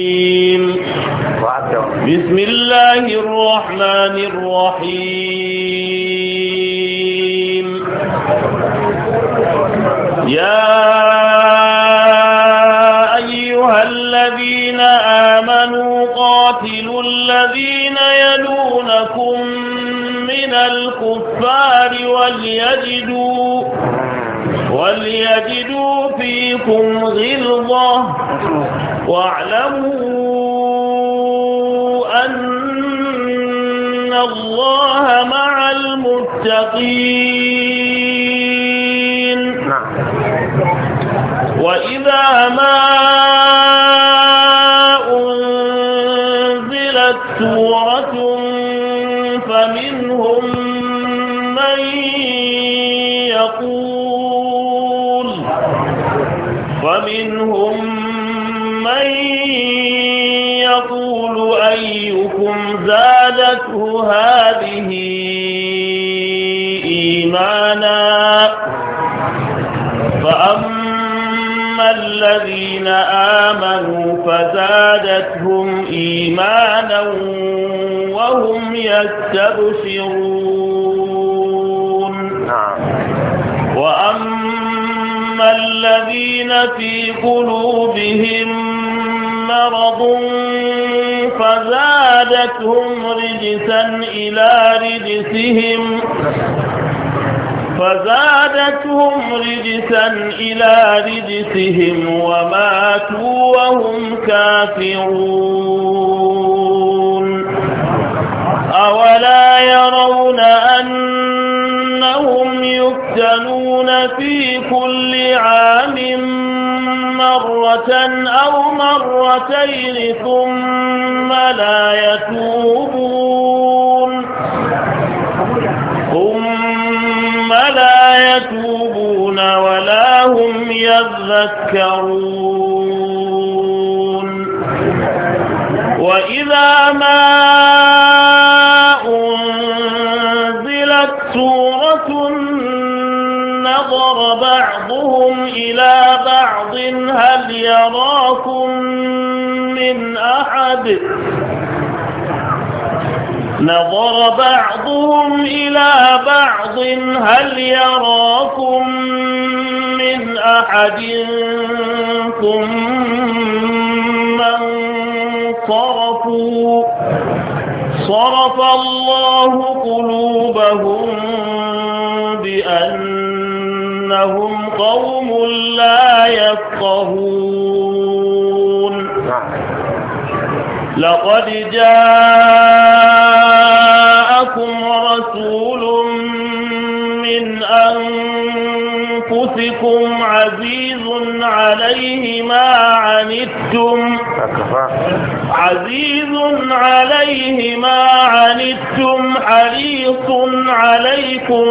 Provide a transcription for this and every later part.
الرحيم بسم الله الرحمن الرحيم يا أيها الذين آمنوا قاتلوا الذين يلونكم من الكفار وليجدوا وليجدوا فيكم غلظة واعلموا أن الله مع المتقين نعم. وإذا ما غلبته هذه إيمانا فأما الذين آمنوا فزادتهم إيمانا وهم يستبشرون وأما الذين في قلوبهم مرض فزادتهم رجسا إلى رجسهم فزادتهم رجسا إلى رجسهم وماتوا وهم كافرون أولا يرون أنهم يفتنون في كل عام مرة أو مرتين ثم ثم لا يتوبون ثم لا يتوبون ولا هم يذكرون وإذا ما نظر بعضهم إلى بعض هل يراكم من أحد ثم انصرفوا صرف الله قلوبهم بأنهم قوم لا يفقهون نعم. لقد جاءوا ربكم عزيز عليه ما عنتم عزيز عليه ما عنتم حريص عليكم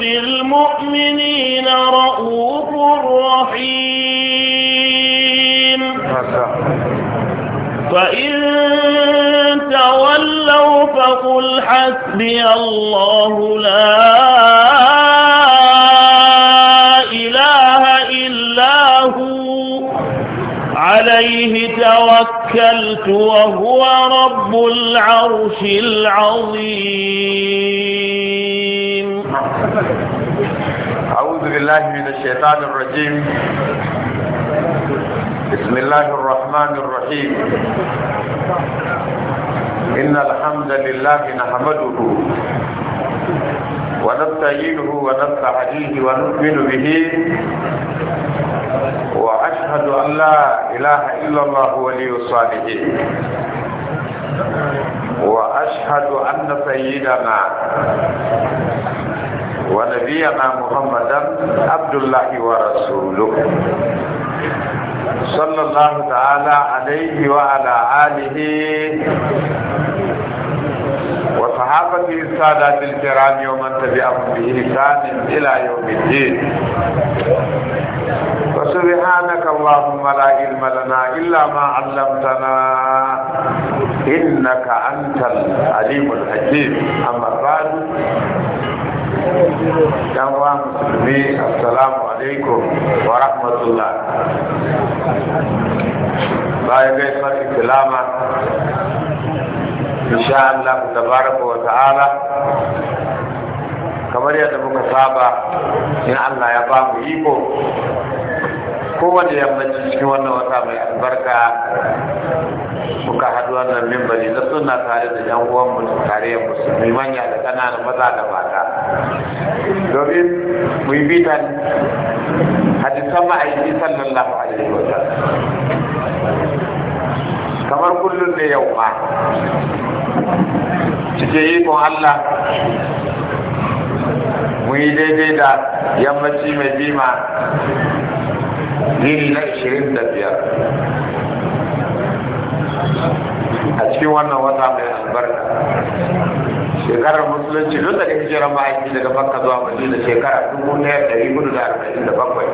بالمؤمنين رؤوف رحيم فإن تولوا فقل حسبي الله لا السماوات وهو رب العرش العظيم أعوذ بالله من الشيطان الرجيم بسم الله الرحمن الرحيم إن الحمد لله نحمده ونستعينه ونستعينه ونؤمن به وأشهد أن لا إله إلا الله ولي الصالحين وأشهد أن سيدنا ونبينا محمدا عبد الله ورسوله صلى الله تعالى عليه وعلى آله وصحابته السادات الكرام يوم تبعهم بإحسان إلى يوم الدين وسبحانك اللهم لا علم لنا إلا ما علمتنا إنك أنت العليم الحكيم أما بعد yan uwa musulmi assalamu alaikum wa rahmatullah bayan gaisuwar islama insha Allah tabaraka wa ta'ala kamar yadda muka saba in Allah ya ba mu iko kowane yammaci cikin wannan wata mai albarka muka haɗu wannan mimbari na suna tare da yan uwan mutum tare musulmi manya da ƙananan maza da mata domin mu yi bitan hadisan ma'aiki sallallahu alaihi wa kamar kullum da yau ma cike yi ikon Allah mu yi daidai da yammaci mai bima yini na 25 a cikin wannan wata mai albarka shekarar musulunci duk daga jiran mahaifi daga makka zuwa madina shekara dubu yadda ɗari gudu da arba'in da bakwai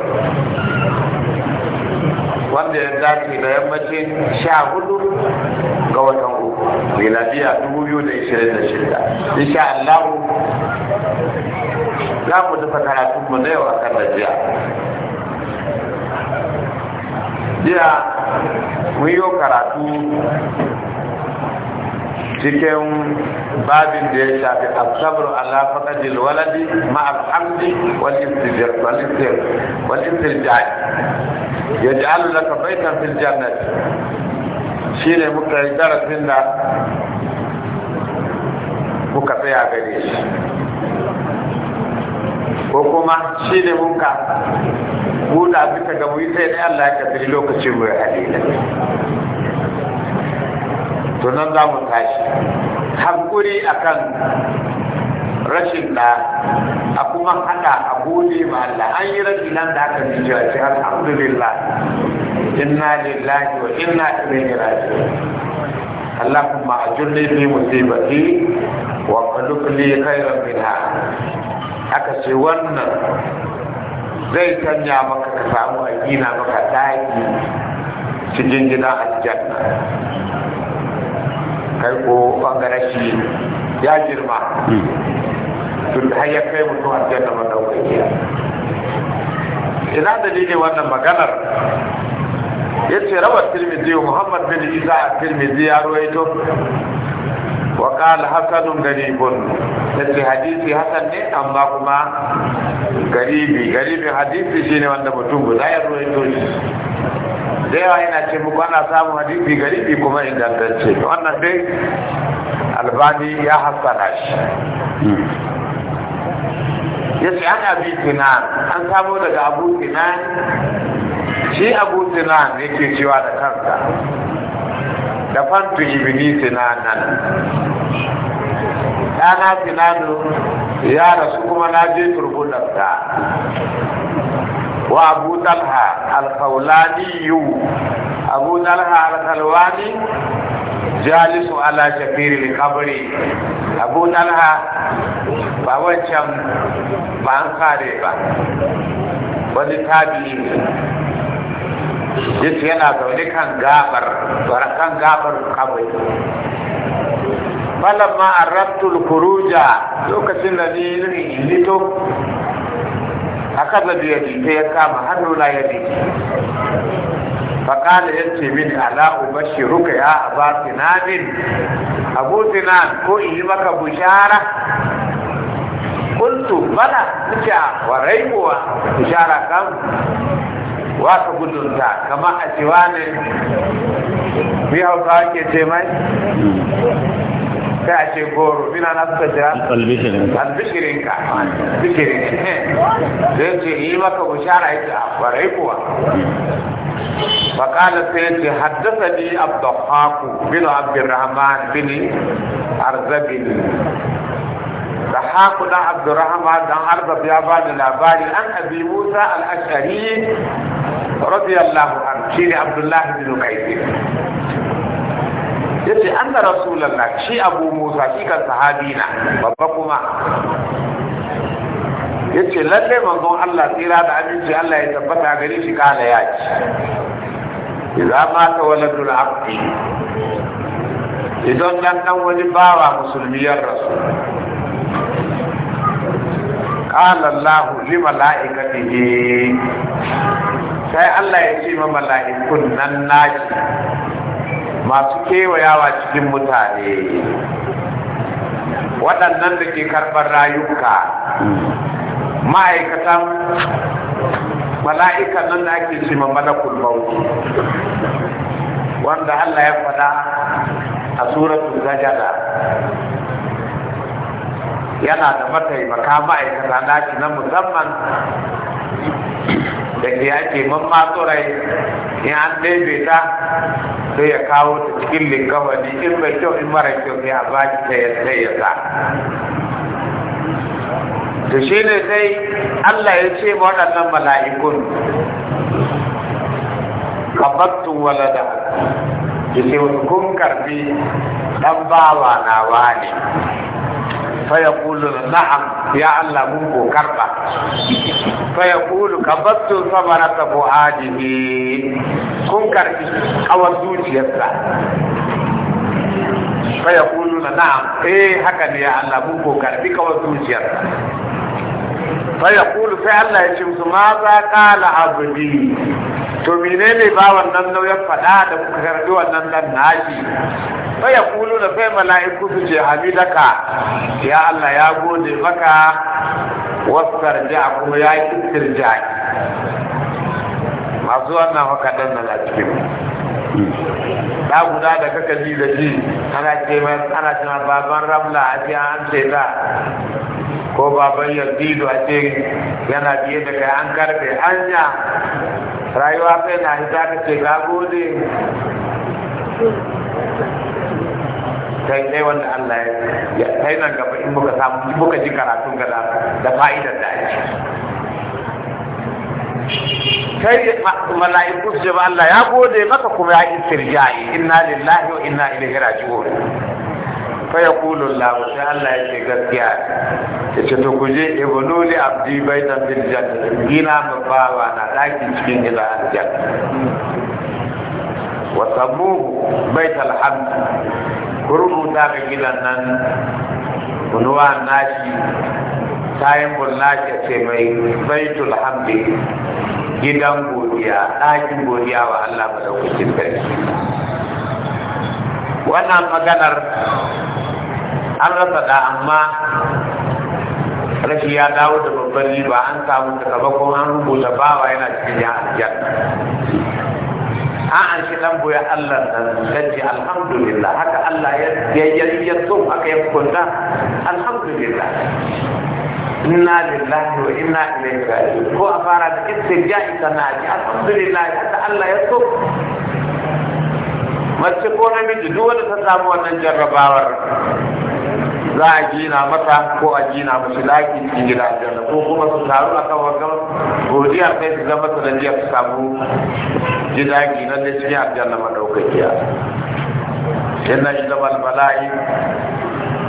wanda ya dace da yammacin sha hudu ga watan uku miladiya dubu biyu da ishirin da shida insha Allah za mu dafa karatunmu na yau a kan jiya. jiya mun yi karatu cikin babin da ya shafi asabar ala faɗaɗin waladi ma'ar hamdi walistirjai ya ji alu laka baitan fil jannati shi ne muka yi darasin da muka tsaya gare shi ko kuma shi ne muka buɗa bisa ga mu sai dai Allah ya kaddari lokacin mu ya halila to nan za mu tashi hankuri akan rashin da a kuma haɗa a gode ma Allah an yi rashin nan da aka ji a sai alhamdulillah inna lillahi wa inna ilaihi raji'un اللهم أجرني في مصيبتي واخلق لي خيرا منها aka ce wannan zai canja maka ka samu aljina maka daji cikin jinjina aljanna kai ko bangaren shi ya girma hmm. tun har ya kai mutum aljanna madaukakiya ina ne wannan maganar ya ce rawar tirmidhi muhammad bin isa tirmidhi ya ruwaito وقال حسن غريب garibun حديث hadisi hasan ne amma kuma غريب حديث hadisi shine wanda mutum يروي ya ruwaito shi da yawa yana ce muku ana samun hadisi garibi kuma ingantacce wannan dai albani ya hassana shi ya ce an abi sinan an samo daga abu sinan shi abu sinan yake cewa da kansa Da dafantu ibni sinanan na sinanu ya rasu kuma na je turbunarsa wa abu talha alkaulaniyu abu talha alkalwani jalisu ala shafiri kabari abu talha ba wancan ba an kare ba wani tabi duk yana zaune kan gabar kan gabar ma falamma arabtul kuruja lokacin da ni nito akaza biya ta ya kama hannu na ya dike faƙala ya ce mini ala ubashiruka ya aba sinamin abu sinan ko in yi maka bushara kuntu bala nika a warai kuwa bushara kan waka gudunta kama a cewa ne bi hausa ke ce mai sai a ce goro bina na suka jira albishirinka albishirin zai ce yi maka bushara yake a kwarai kuwa فقال سيدي حدثني عبد الحاق بن عبد الرحمن بن أرزبيل sahaku dan abdurrahman dan arbab ya ba da labari an abi musa al-ashari radiyallahu anhu shine abdullahi bin qais yace anna rasulullah shi abu musa shi kan sahabi na babba kuma yace lalle manzon Allah tsira da aminci Allah ya tabbata gare shi kala ya ci idza mata waladul abdi idan dan dan wani bawa musulmi ya rasu قال الله لملائكته sai allah ya ce ma mala'ikun nan naki masu kewayawa cikin mutane waɗannan da ke karɓar rayuka ma'aikatan mala'ikan nan da ake ce ma malakul wanda allah ya faɗa a suratul gajara yana da mataimaka ma'aikata nashi na musamman da ke ake mamma in an ɗebe ta sai ya kawo ta cikin linkawani in mai kyau in mara kyau ne a ba ta yadda ya sa to shi ne sai Allah ya ce ma waɗannan mala'ikun kabattu walada ya ce kun karfi ɗan bawa na wani Fayapulu na a yi a lamin ko karba, fayapulu, ka basu don samara ta ko a yi, karɓi, kawai su jiyan na eh, a yi a yi a lamin ko karɓi, kawai su ya kulu sai Allah ya ce musu ma za qala abdi to menene ba wannan nauyin faɗa da kuka karbi wannan nan Sai ya kulu da sai mala'iku su ce hamidaka ya Allah ya gode maka a kuma ya yi jaki masu wannan haka dan na lafiya ta guda da kaka ji da ji ana ce ana cewa baban ramla a ce an ce da ko baban yazidu a ce yana biye da kai an karbe hanya rayuwa kai na hita ka ce ga gode kai dai wanda Allah ya kai nan gaba in muka samu muka ji karatun gada da fa'idar da ake kai mala'iku su ba Allah ya gode maka kuma ya istirja'i inna lillahi wa inna ilaihi raji'un fa ya kulu lahu sai Allah ya ce gaskiya ya ce to kuje ibnu li abdi baitan bil janna gina ma bawa na daki cikin gida aljanna wa sabu baital hamd kurbuta ga gidan nan kunuwa nashi kayan bullashi ce mai baitul hamdi gidan godiya ɗakin godiya wa Allah da sarki wannan maganar an rasa da amma rashi ya dawo da babban riba an samu sakamakon an rubuta bawa yana cikin ya aljanna an an shi dan boye Allah dan dace alhamdulillah haka Allah ya ya ya so haka ya kunta alhamdulillah inna lillahi wa inna ilaihi raji'un ko a fara da istirja'i kana ji alhamdulillah haka Allah ya so mace ko namiji duk wanda ta samu wannan jarrabawar za a gina mata ko a gina mashi lakin cikin gida aljanna ko kuma su taru a kan wakar godiya kai su zama sanadiyar su samu gida gina da cikin aljanna madaukakiya yana yi zama bala'i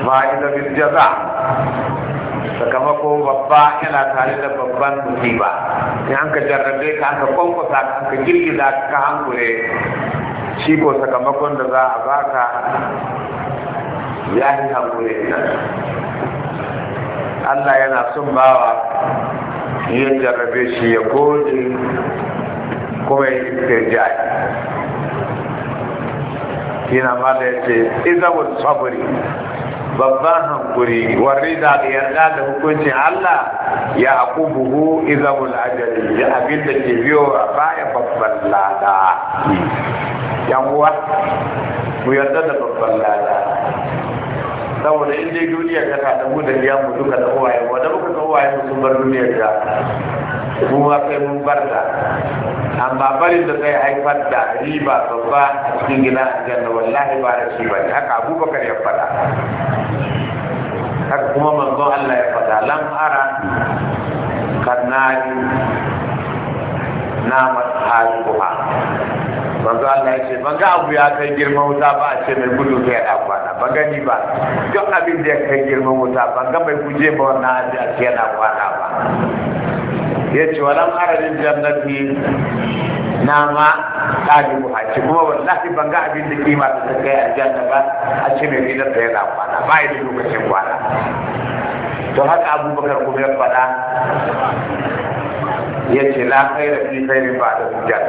ma ita bin jaza sakamako babba yana tare da babban musiba sai an ka jarrabe ka an ka kwankwasa ka ka girgiza ka hankure shi ko sakamakon da za a baka ya yi haƙuri nan Allah yana son bawa ya jarrabe shi ya gode kuma ya istirjai yana da ya ce izawar saburi babban hankuri warri da yarda da hukuncin Allah ya haƙubuhu izawar ajali ya abin da ke biyo a baya babban lada yan uwa mu yarda da babban lada saboda in dai duniya ta ka mu da ya mu duka da uwaye wanda muka ga uwaye mu sun bar duniya ta mu ma kai mun bar ta amma barin da zai haifar da riba babba a cikin gina aljanna wallahi ba da shi ba haka abubakar ya faɗa haka kuma manzon Allah ya faɗa lam ara karnani na masu manzo Allah ya ce ban ga abu ya kai girman wuta ba a ce mai gudu sai ya kwana ban gani ba duk abin da ya kai girman wuta ban ga mai guje ba wannan aji a ce yana kwana ba ya ce walan arabin jannati na ma ɗari mu ce kuma wallahi ban ga abin da kima da ta kai aljanna ba a ce mai gidan da yana kwana ba ya da lokacin kwana to haka abubakar kuma ya faɗa ya ce la kai da fi kai ba da hujjar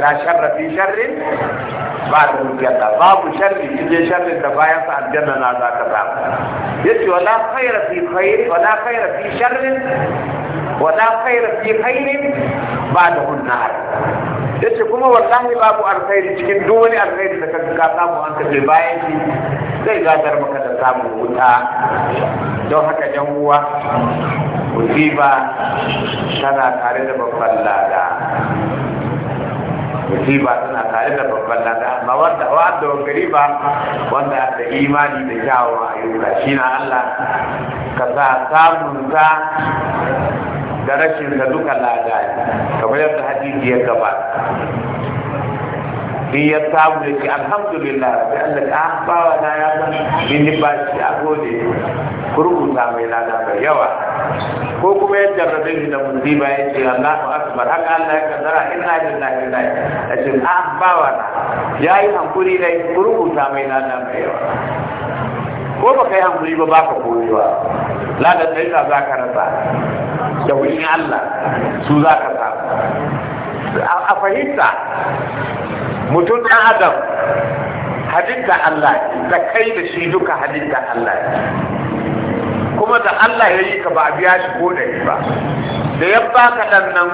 لا شر في شر بعد الجنة باب شر في شر تبايا فعد جنة نازا كتاب يتو لا خير في خير ولا خير في شر ولا خير في خير بعده النار يتو كما والله باب الخير تكن دوني الخير تكن كتاب وانت في بايتي سيدا درمك تتاب وانتا دو حكا جنوة وزيبا سنة تاريخ بفلالا musiba tana tare da babban lada amma wanda wanda ba wanda da imani da yi kyawawan shi na Allah ka sa samun sa da rashin sa duka lada kamar yadda hadisi ya gaba bi ya samu ya ce alhamdulillah sai Allah ta ah, bawa na ya san ni ba shi a gode kurkuta mai na da yawa ko kuma ya da shi da musiba ya ce Allahu akbar haka Allah ya kaddara inna lillahi wa inna ilaihi raji'un a ah, bawa na yayi hankuri dai kurkuta mai na da yawa ko ba kai hankuri ba baka koyewa la da za ka rasa da wurin Allah su ka samu a fahimta mutum ɗan adam halitta Allah da kai da shi duka halitta Allah kuma da Allah ya yi ka ba a biya shi ko da ba da ya baka ɗan nan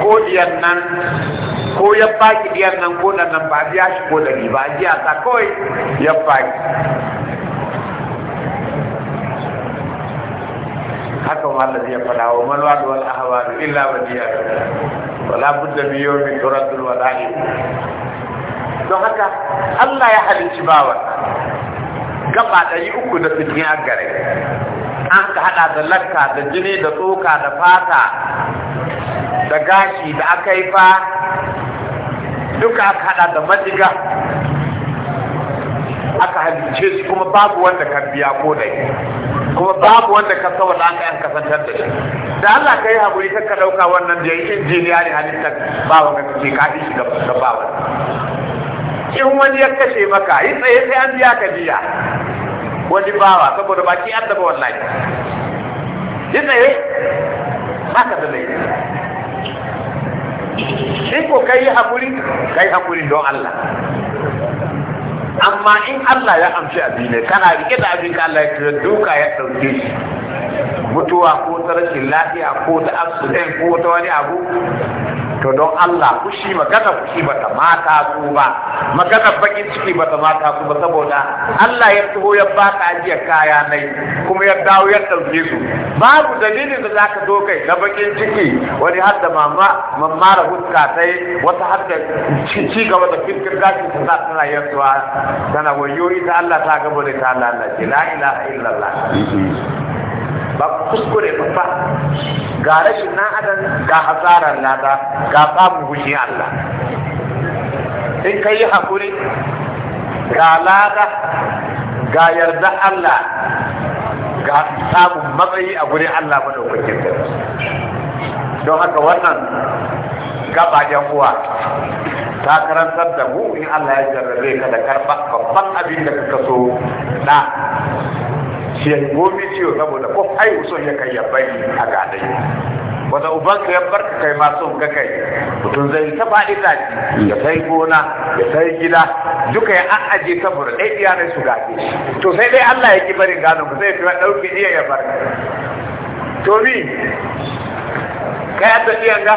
ko diyan nan ko ya baki diyan nan ko ɗan nan ba a biya shi ko da ba a jiya ta kawai ya baki haka ma Allah zai faɗa wa malwa da wal ahwal illa wadiya wala budda min yawmin turadul don haka Allah ya halicci bawa gaba ɗari uku da sittin a gare an ka haɗa da lakka da jini da tsoka da fata da gashi da aka yi fa duka aka haɗa da majiga aka halicce su kuma babu wanda kan biya ko da kuma babu wanda ka saboda an kayan kasantar da shi da Allah ka yi haƙuri ka ɗauka wannan da ya yi injiniya ne halittar bawa ka ce ka shi da bawa in wani ya kashe maka yi tsaye sai an biya ka biya wani bawa saboda baki an daba wallahi yi tsaye ba ka da laifi in ko ka yi haƙuri ka yi haƙuri don Allah amma in Allah ya amshi abin ne kana rike da abin ka Allah ya duka ya dauke shi mutuwa ko ta lafiya ko ta ɗin ko ta wani abu to don Allah kushi magana kushi bata mata ku ba magana bakin ciki bata mata ku ba saboda Allah ya taho ya baka ajiya kaya nai kuma ya dawo ya ɗauke su babu dalilin da zaka zo kai na bakin ciki wani har da mama mamara huska sai wata har da ci gaba da fiskar zaki ta sa tana yantuwa tana wayo ita Allah ta gaba da ta lalace la ilaha illallah mm-hmm. ba kuskure ba ga rashin nan adam ga hasarar lada ga samun gushi Allah in ka yi haƙuri ga lada ga yarda Allah ga samun matsayi a guri Allah madaukakin don haka wannan gaba yan uwa ta karantar da mu in Allah ya jarrabe ka da karɓa babban abin da kaka so na shi ya yi gobe ciwo saboda ko ai son ya kai ya bari a gadai wata uban ka ya barka kai ma son ka kai mutum zai ta faɗi daji ya sai gona ya sai gida duka ya an aje saboda ɗai iyarai su gaje to sai dai Allah ya ki barin gano ku sai ya ɗauki iya ya barka to ni kai ga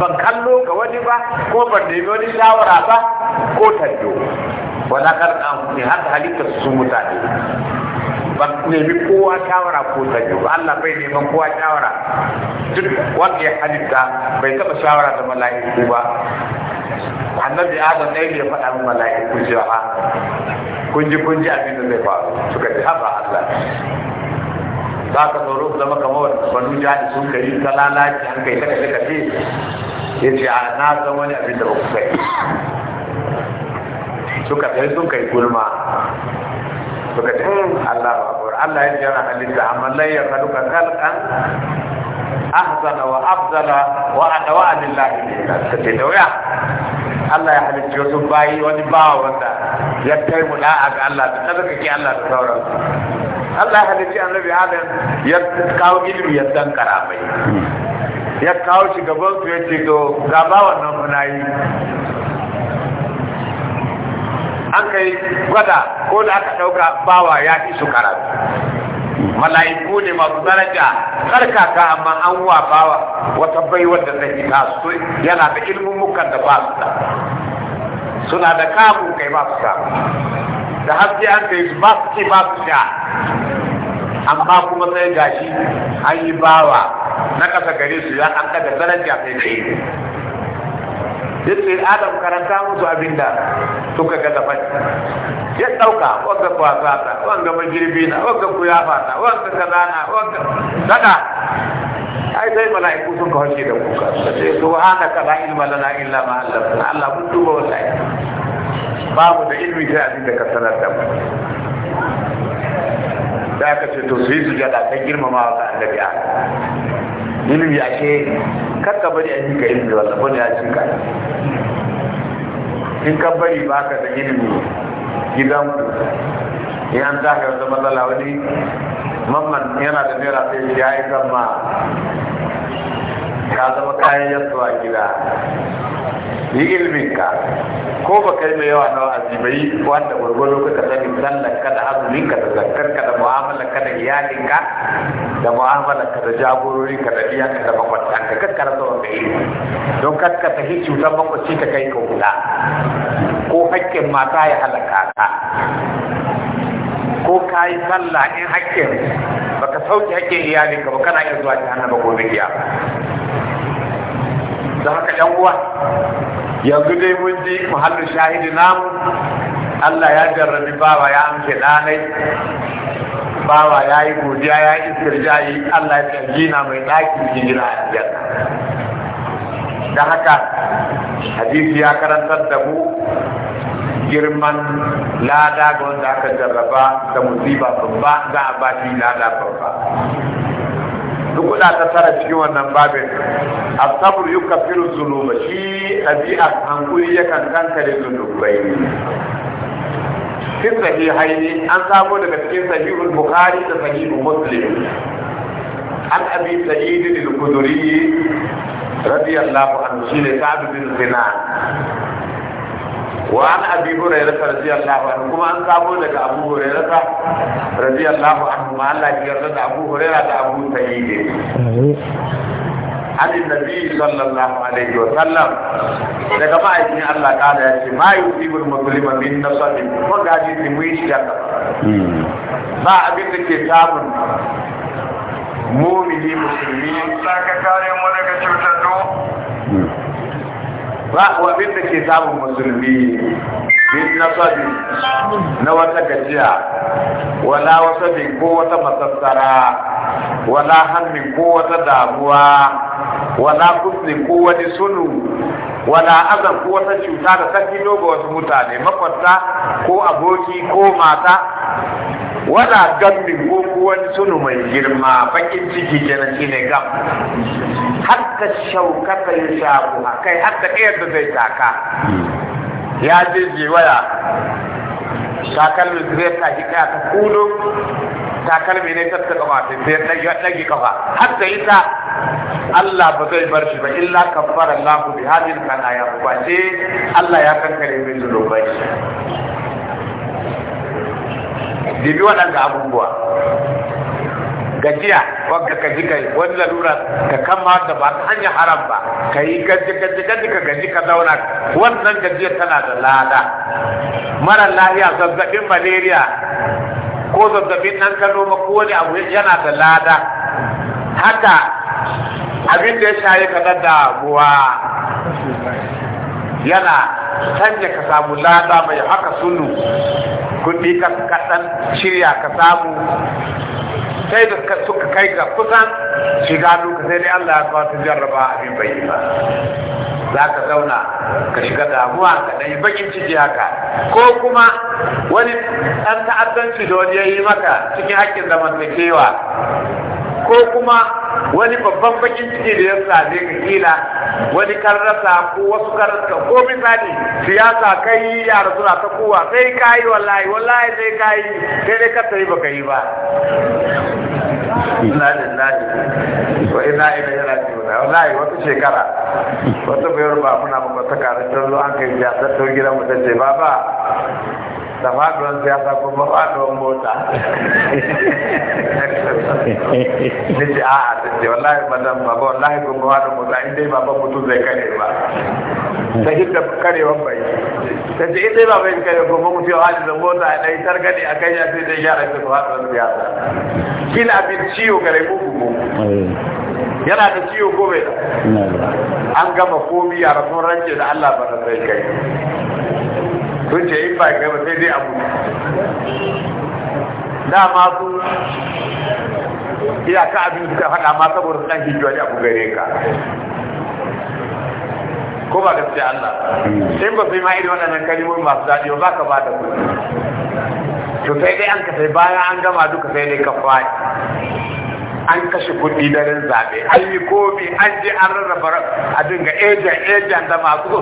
ban kallo ga wani ba ko ban nemi wani shawara ba ko tando wala kar an ne da halitta su mutane ba nemi kowa shawara ko sanyo ba Allah bai neman kowa shawara duk wanda ya halitta bai taba shawara da mala'iku ba annabi adam ɗaya ne ya faɗa min mala'iku cewa ha kun ji kun abin da zai faru suka ji haɓa Allah za ka tsoro zama kamar abuja da sun gari ta lalace an kai ta kai ce ya ce a na san wani abin da ba ku kai suka sai sun kai gulma suka ce hmm, Allah ba Allah ya jira da amma lai ya ka kalkan ahzana wa afzala wa adawa lillahi ta ce dawaya Allah ya halicci wasu bayi wani bawa wanda ya kai mu da'a ga Allah da kake Allah da sauransu Allah ya halicci annabi Adam ya kawo ilimi ya dankara karamai ya kawo shi gaban su ya ce to ga ba wannan kuna yi an kai gwada ko da aka dauka bawa ya fi su karatu mala'iku ne masu daraja karkaka amma an wa bawa wata baiwar da ta su yana da mukan da ba su da suna da kamun kai ba su samu da haske an kai su ba su ce ba su sha amma kuma sai gashi an yi bawa na kasa gare su ya an kada daraja sai kai yace adam karanta musu abinda suka ga dafa ya dauka wanga kwasa ta wanga magirbi na wanga kuyafa ta wanga kazana wanga daga ai sai mala'iku sun ka hoce da kuka sai subhanaka la ilma lana illa ma Allah mun duba wallahi babu da ilmi sai abin da ka sanar da mu da aka ce to su yi sujada ta girmama wa annabi a ilmi ya ce kakka bari a yi ka ilmi wala bane ya cika in ka bari ba ka da ilmi gidanku in an za ka zama matsala wani mamman yana da naira sai ya yi zama ka zama kayan yasuwa gida yi ilminka ko ba kai mai yawa na wa'azi ba yi wanda gwargwaro ka sani sallarka da azuminka da zakarka da mu'amalarka da iyalinka da mu'amalarka da jagororinka da iyalinka da makwatanka kakkara zuwa ga ilimi don kakka ta hici cutar makwaci ka kai ka wula, ko hakkin mata ya halaka ka ko ka yi sallah in hakkin baka sauke hakkin iyalinka ba kana iya zuwa jihannama gobe kiyama da haka yan uwa yanzu dai mun ji muhallu shahidi namu Allah ya jarrabi bawa ya amke ɗanai bawa ya yi godiya ya yi istirjayi Allah ya na mai ɗaki gina a da haka hadisi ya karantar da mu girman lada ga wanda aka jarraba da musiba babba za a ba lada babba huda ta tara cikin wannan babin asabru yukaffiru dhunuba shi tabi'a hankuri yakan kankare zunubai fi sahihaini an samu daga cikin sahihul bukhari da sahihul muslim an abi sa'id al-khudri radiyallahu anhu shi ne sa'd bin sinan wa an abi hurairah radiyallahu anhu kuma an kamo daga abu hurairah radiyallahu anhu ma Allah ya yarda da abu hurairah da abu عن النبي صلى الله عليه وسلم daga ma'aikin Allah kada ya ce ma yusibul muslima min nasabi ko ga hadisi mu yi da ba abin da ke samun mumini musulmi saka ba abin da ke samun musulmi bin sabi na wata gajiya wala bin ko wata masassara wala hannun ko wata damuwa wala kusni ko wani sunu wala azan ko wata cuta da ta ga wasu mutane makwabta ko aboki ko mata wala gammin ko wani sunu mai girma bakin ciki kenan shine gam hatta shaukata ya shafu akai hatta ɗaya da zai taka ya je waya takalmi zai tashi ɗaya ta kulo takalmi ne ta taɓa ba sai ya ɗage kafa hatta ita Allah ba zai bar shi ba illa kafara Allah bi hadin kana ya ba sai Allah ya kankare min zulubai dibi waɗanda abubuwa gajiya wanda ka ji kai wani lalura ka kama da ba ta hanyar haram ba ka yi gaji gaji gaji ka gaji ka zauna wannan gajiya tana da lada mara lahiya zazzabin malaria ko zazzabin nan ka noma ko wani abu yana da lada haka abin da ya yi ka da buwa yana sanya ka samu lada mai haka sunu kuɗi kaɗan shirya ka samu sai da suka kai ga kusan shiga duka sai dai Allah ya kawo ta jarraba abin bai ba za ka zauna ka shiga damuwa ka ɗan bakin ciki haka ko kuma wani ɗan ta'addanci da wani ya yi maka cikin haƙƙin zamantakewa ko kuma wani babban bakin ciki da ya same ka kila wani karrasa ko wasu karrasa ko misali siyasa kai yara suna ta kowa sai ka yi wallahi wallahi sai ka yi sai dai kasta ta yi baka yi ba Ina lillahi wa ina ilaihi raji'un wallahi wata shekara wata bayar ba muna ba ta karatun an kai jasar ta gidan mu ta ce ba ba da faduwan siyasa kuma faduwan mota nace a a tace wallahi madam baba wallahi kun ga faduwan mota in dai baba mutum zai kare ba ta bai ta ce in dai baba in kare ko ba mutum hali da mota a dai targade a kan ya sai dai yara ta faduwan siyasa kila abin ciwo kare muku mu eh. yana da ciwo ko bai an gama komi a rasun rance da Allah ba da sai kai sun ce in ba gaba sai dai abu dama su ka abin suka faɗa ma saboda san ki hijiyo ne abu gare ka ko ba gaskiya Allah hmm. in ba sai ma irin waɗannan kalmomi masu daɗi ba ka ba da kuɗi to sai dai an ka sai bayan an gama duka sai dai ka fa'i an kashe kuɗi daren zaɓe an yi komi an je an rarraba a dinga ejan ejan da masu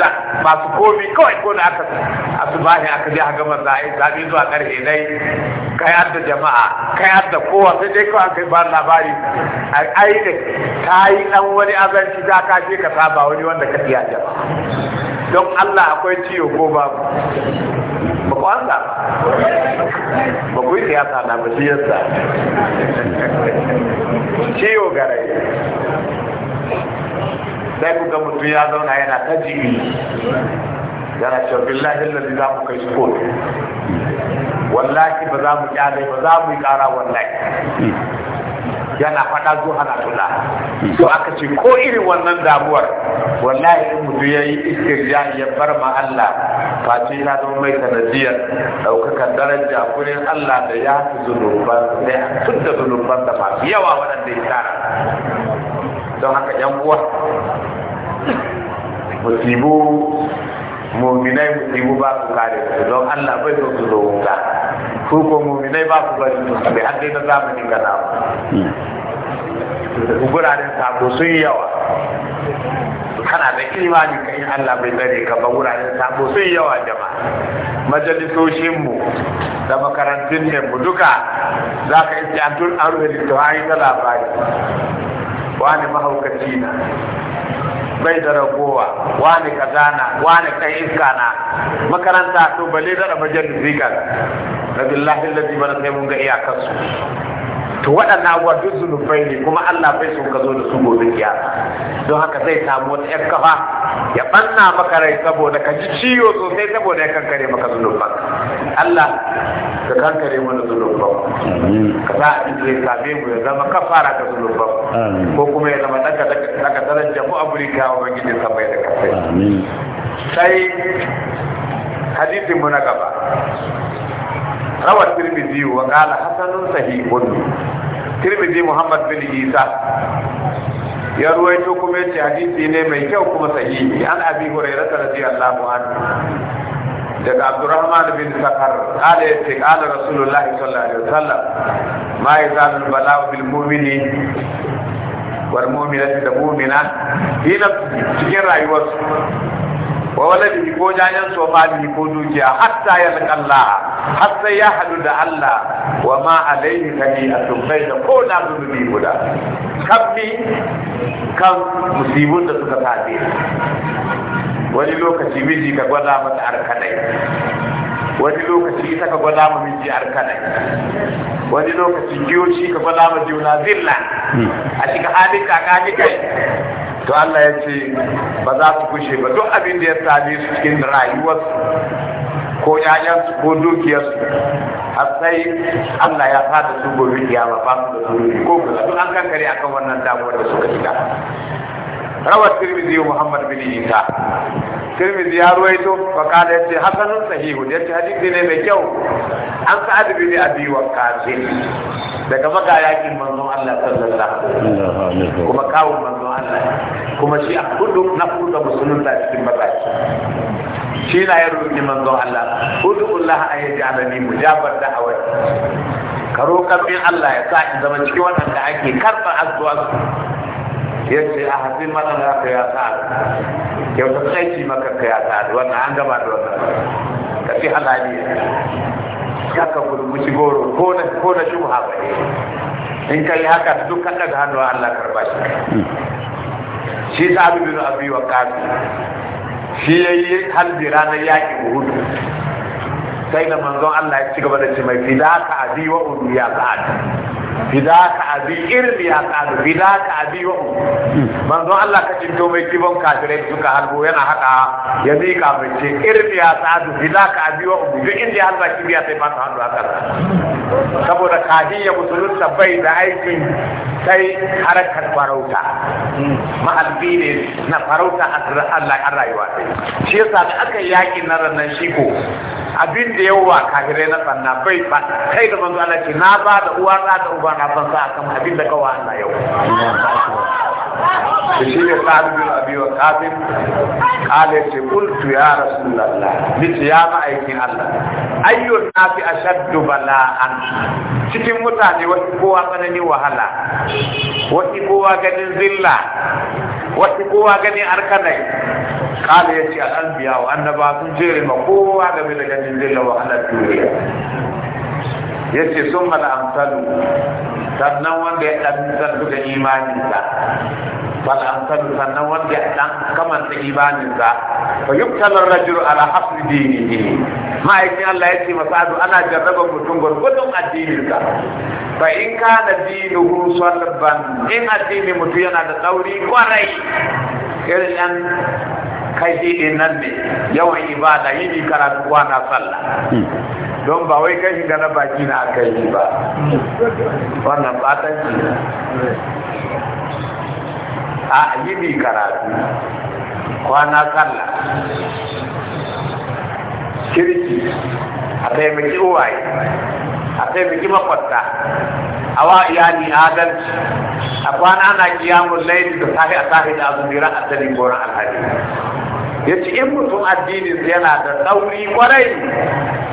da masu komi kawai ko da aka su asubahi aka je a gama zaɓe zuwa ƙarfe nai kayar da jama'a kayar da kowa sai dai kawai kai ba labari ai da ta yi ɗan wani azanci da ka je ka saba wani wanda ka iya jama'a don Allah akwai ciwo ko babu ba ku ansa ba siyasa na ba shi yasa ciwo garai sai ku ga mutum ya zauna yana ta jiri yana cewa billahi lalli za mu kai su wallahi ba za mu kyale ba za mu yi kara wallahi yana faɗa zuwa na tula to aka ce ko irin wannan damuwar wallahi in mutum ya yi istirja ya bar ma Allah face ya zama mai sanadiyar ɗaukakar daraja gurin Allah da ya fi zunuban da ya da zunuban da masu yawa waɗanda ya tara don haka yan uwa musibu muminai musibu ba su kare su don Allah bai so su zo wuta ku ko muminai ba su bari su bai har dai na zamanin gana guraren sabo sun yi yawa kana da imani ka in Allah bai dare ka ba wuraren sabo sun yawa jama'a Majalisoshin mu da makarantun ne mu duka za ka iske an tun an rufe ta da labari wani mahaukaci na bai da ragowa wani ka zana wani kai iska na makaranta to balle da raba jalisi kan nabillahi allazi bana sai mun ga iyakarsu to waɗanda abuwa duk zunubai ne kuma Allah bai so ka zo da su gobe kiyama don haka zai samu wata ƴar kafa ya banna maka rai saboda ka ji ciwo sosai saboda ya kankare maka zunuban Allah ka kankare mana zunuban ka sa a cikin ya same mu ya zama kafara ga zunuban ko kuma ya zama daga daga a mu Afirka wa bangijin sa mai da kasai sai hadisin mu na gaba روى الترمذي وقال حسن صحيح ترمذي محمد بن عيسى ya ruwaito kuma yace hadisi ne mai kyau kuma sahihi an abi hurairah radiyallahu anhu daga abdurrahman bin sakar qala yace qala rasulullahi sallallahu alaihi wasallam ma yazalu bil mu'mini wal mu'minati da mu'mina cikin rayuwarsu wa waladihi ko jayan so ko dukiya hatta ya Allah har sai ya hadu da Allah wa ma alaihi kabi'atun bai da ko na guda kabbi kan musibun da suka tafi wani lokaci miji ka gwada mata arkanai wani lokaci ita ka gwada ma miji arkanai wani lokaci giyoci ka gwada ma juna zilla hmm. a shiga halin ni kai to Allah ya ce ba za su kushe ba duk abin da ya sami su cikin rayuwarsu ko yayansu ko dukiyarsu A sai Allah ya sa da su gobe kiyama ba su da sunuri ko su an kankare akan wannan damuwar da suka shiga rawar tirmidhi muhammad bin isa tirmidhi ya ruwaito fa kala yace hasanun sahihu yace hadisi ne mai kyau an sa'ad bin abi waqqas daga yakin manzon Allah sallallahu alaihi wasallam kuma kawun manzon Allah kuma shi a kudu na kudu musulunta cikin mataki shi na yi rubuta manzon Allah kudu Allah a yi jalani mujabar da'awar ka roƙar bin Allah ya sa in zama cikin da ake karɓa azuwa su ya ce a hafin matan za ka ya sa yau ta tsaiki maka ka ya sa wannan an gaba da wannan ka fi halali shakka kulmushi goro ko na ko na shubha ba in kai haka duk kan daga hannu Allah karba shi shi sabu bin abi waqas shi yayi halbi ranar yaƙin hudu sai da manzon Allah ya ci gaba da ce mai fidaka abi wa udu ya sa'ad fidaka abi irbi ya sa'ad fidaka abi wa udu manzon Allah ka to mai kibon kafirai suka halbo yana haka ya mika ka bace irbi ya sa'ad fidaka abi wa udu duk inda Allah ki biya sai ba ta hannu haka saboda kahin ya musulunta bai da aikin sai harakar farauta mahalbi ne na farauta a rayuwa shi yasa da aka yaki na ranar shiko abin da yawa kafirai na tsanna bai ba kai da manzo Allah ce na ba da uwa na da uba na ban sa akan abin da kawa Allah yau da shi ne sa'ad bin abi wa qasim qala ce qultu ya rasulullah ce ya aikin Allah ayyu nafi ashaddu bala'an cikin mutane wasu kowa tsananin wahala wasu kowa ganin zilla wasu kowa ganin arkanai kala ya ce al'anbiya wa annaba sun jere ma kowa game da ganin zilla shan wahalar duniya ya ce sun mana amsalu sannan wanda ya ɗan zartu da imaninsa bal amsalu sannan wanda ya ɗan kamanta imaninsa fa yuktalar rajul ala hasbi dinihi ma'aikin Allah ya ce azu ana jarraba mutum gwargwadon addininsa fa in kana dinuhu salban in addini mutum yana da tsauri kwarai irin kai ɗin nan ne yawan ibada yini karatu kwana sallah don ba wai kai shiga na baki na kai shi ba wannan shi a yini karatu kwana sallah kirki a taimaki uwaye a taimaki makwabta a wa iyali adalci a kwana ana kiyamun laili da sahi a sahi da azumira a tsanin goron alhaji ya ce in mutum addinin yana da tsauri kwarai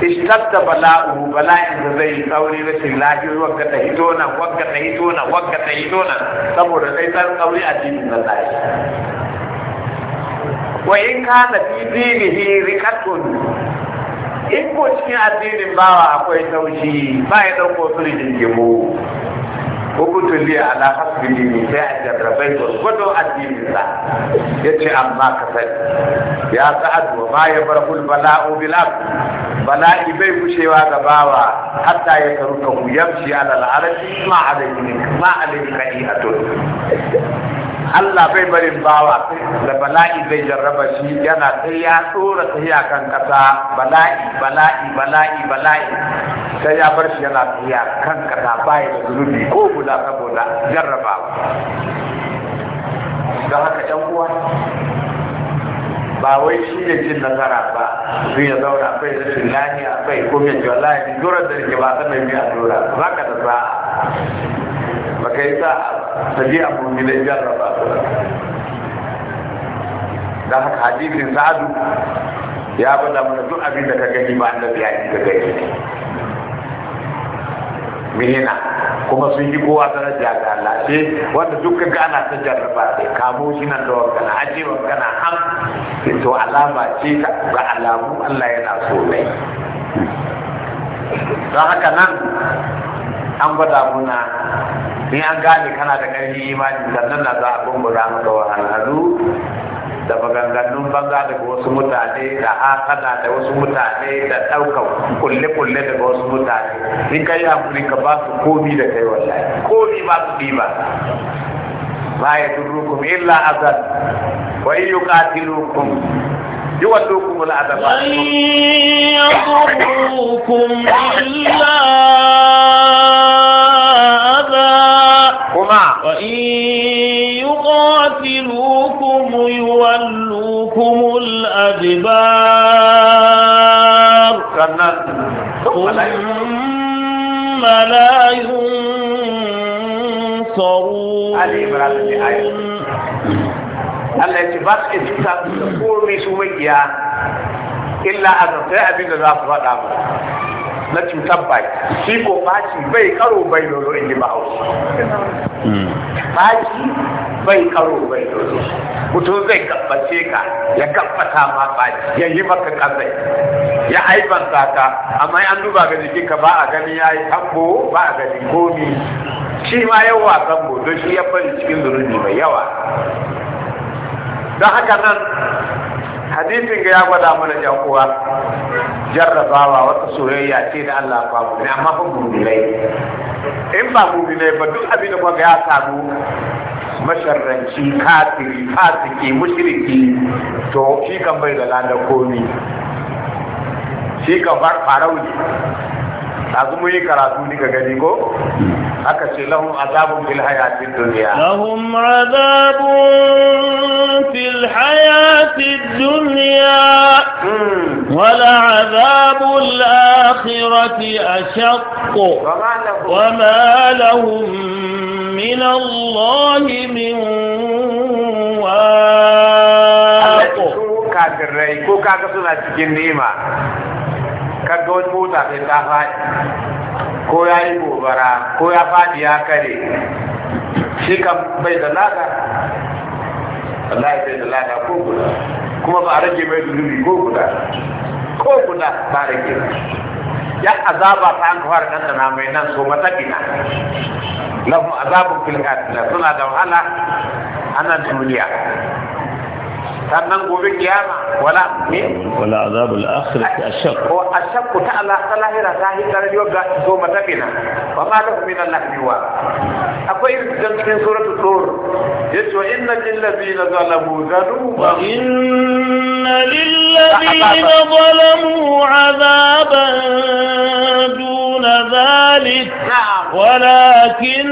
ishtar da bala'u bala'in da zai sauri tsauri rashin lafiya wagga ta hito na wagga ta hito na wagga ta hito na saboda sai san tsauri addinin na zai wa in na fi dinihi rikatun in ko cikin addinin bawa akwai tauci ba ya dauko sirrin gebo hukuntun liya ala hasbi dini sai a jarrabai da gwado sa? ya ce amma ka sani ya sa'ad wa ma ya bar bala'u bil bala'i bai gushewa ga bawa hatta ya karu ka yamshi ala al'arabi ma alaihi ma alaihi ka'i'atun Allah bai barin bawa da bala'i zai jarraba shi yana sai ya tsora tahiya kan kasa bala'i bala'i bala'i bala'i sai ya bar shi yana tahiya kan kasa bai da zunubi ko guda saboda jarrabawa don haka ɗan uwa ba wai shi ne jin nasara ba zai ya zauna bai da shi lahiya bai kuma ya ce wallahi ni da rike ba sanar biya zura ba ka da za'a ba yi sa ta je a mummunai jarraba da haka hadisin sa'adu ya bada mana duk abin da ka gani ba annabi ya yi daga gani mihina kuma sun yi kowa daraja ga Allah ce wanda duk ka ana ta jarraba sai kamo shi nan da wakana aje wakana ham to alama ce ga alamu Allah yana so mai don haka nan an gwada muna Ni an gane kana da ƙarfi imani sannan na za a kumbura maka wahalhalu da maganganun banza daga wasu mutane da hasada da wasu mutane da ɗaukar kulle-kulle daga wasu mutane ni ka yi hankuli ka ba su komi da kai wallahi komi ba su ɗiba ma ya durrukum illa azal wa yi wa in yuqatilukum يولوكم الأدبار لن يضروكم إلا ثم لا ينصرون Allah ya ce ba su iya cika da komai su magiya illa a zartai abin da za su faɗa mu na cutar bai shi ko faci bai karo bai lolo in ba hausa faci mutum zai gabbace ka ya gabbata ma ba ya yi maka kazai ya aiban ka amma an duba ga ka ba a gani ya yi tambo ba a gani komi shi ma yawa tambo don shi ya fari cikin zunubi mai yawa don haka nan hadisin ga ya gwada mana yan uwa jarrabawa wata soyayya ce da Allah ba mu ne amma fa mu ne in ba mu ne ba duk abin da ga ya samu masharranci kafiri fasiki mushriki to shi kan bai da lada komi shi kan farau ne yanzu mun yi karatu ni ka gani ko aka ce lahum azabun fil hayatid dunya lahum azabun fil hayatid dunya wal azabul akhirati ashaq wa ma lahum من الله من واق ko kaga suna nema kaga mota sai gobara ko ya faɗi rage ko ya azaba ta an kawar dandana mai nan so matakina lahum azabun fil suna da wahala a nan duniya sannan gobe kiyama wala ne wala azabul akhirah ashaq wa ashaq ta ala salahira ta hi garin yoga zo matabina wa ma lahu min allah biwa akwai dan cikin suratul nur yace wa inna lil ladina zalamu zanuba inna lil ladina zalamu azaban duna dhalik ولكن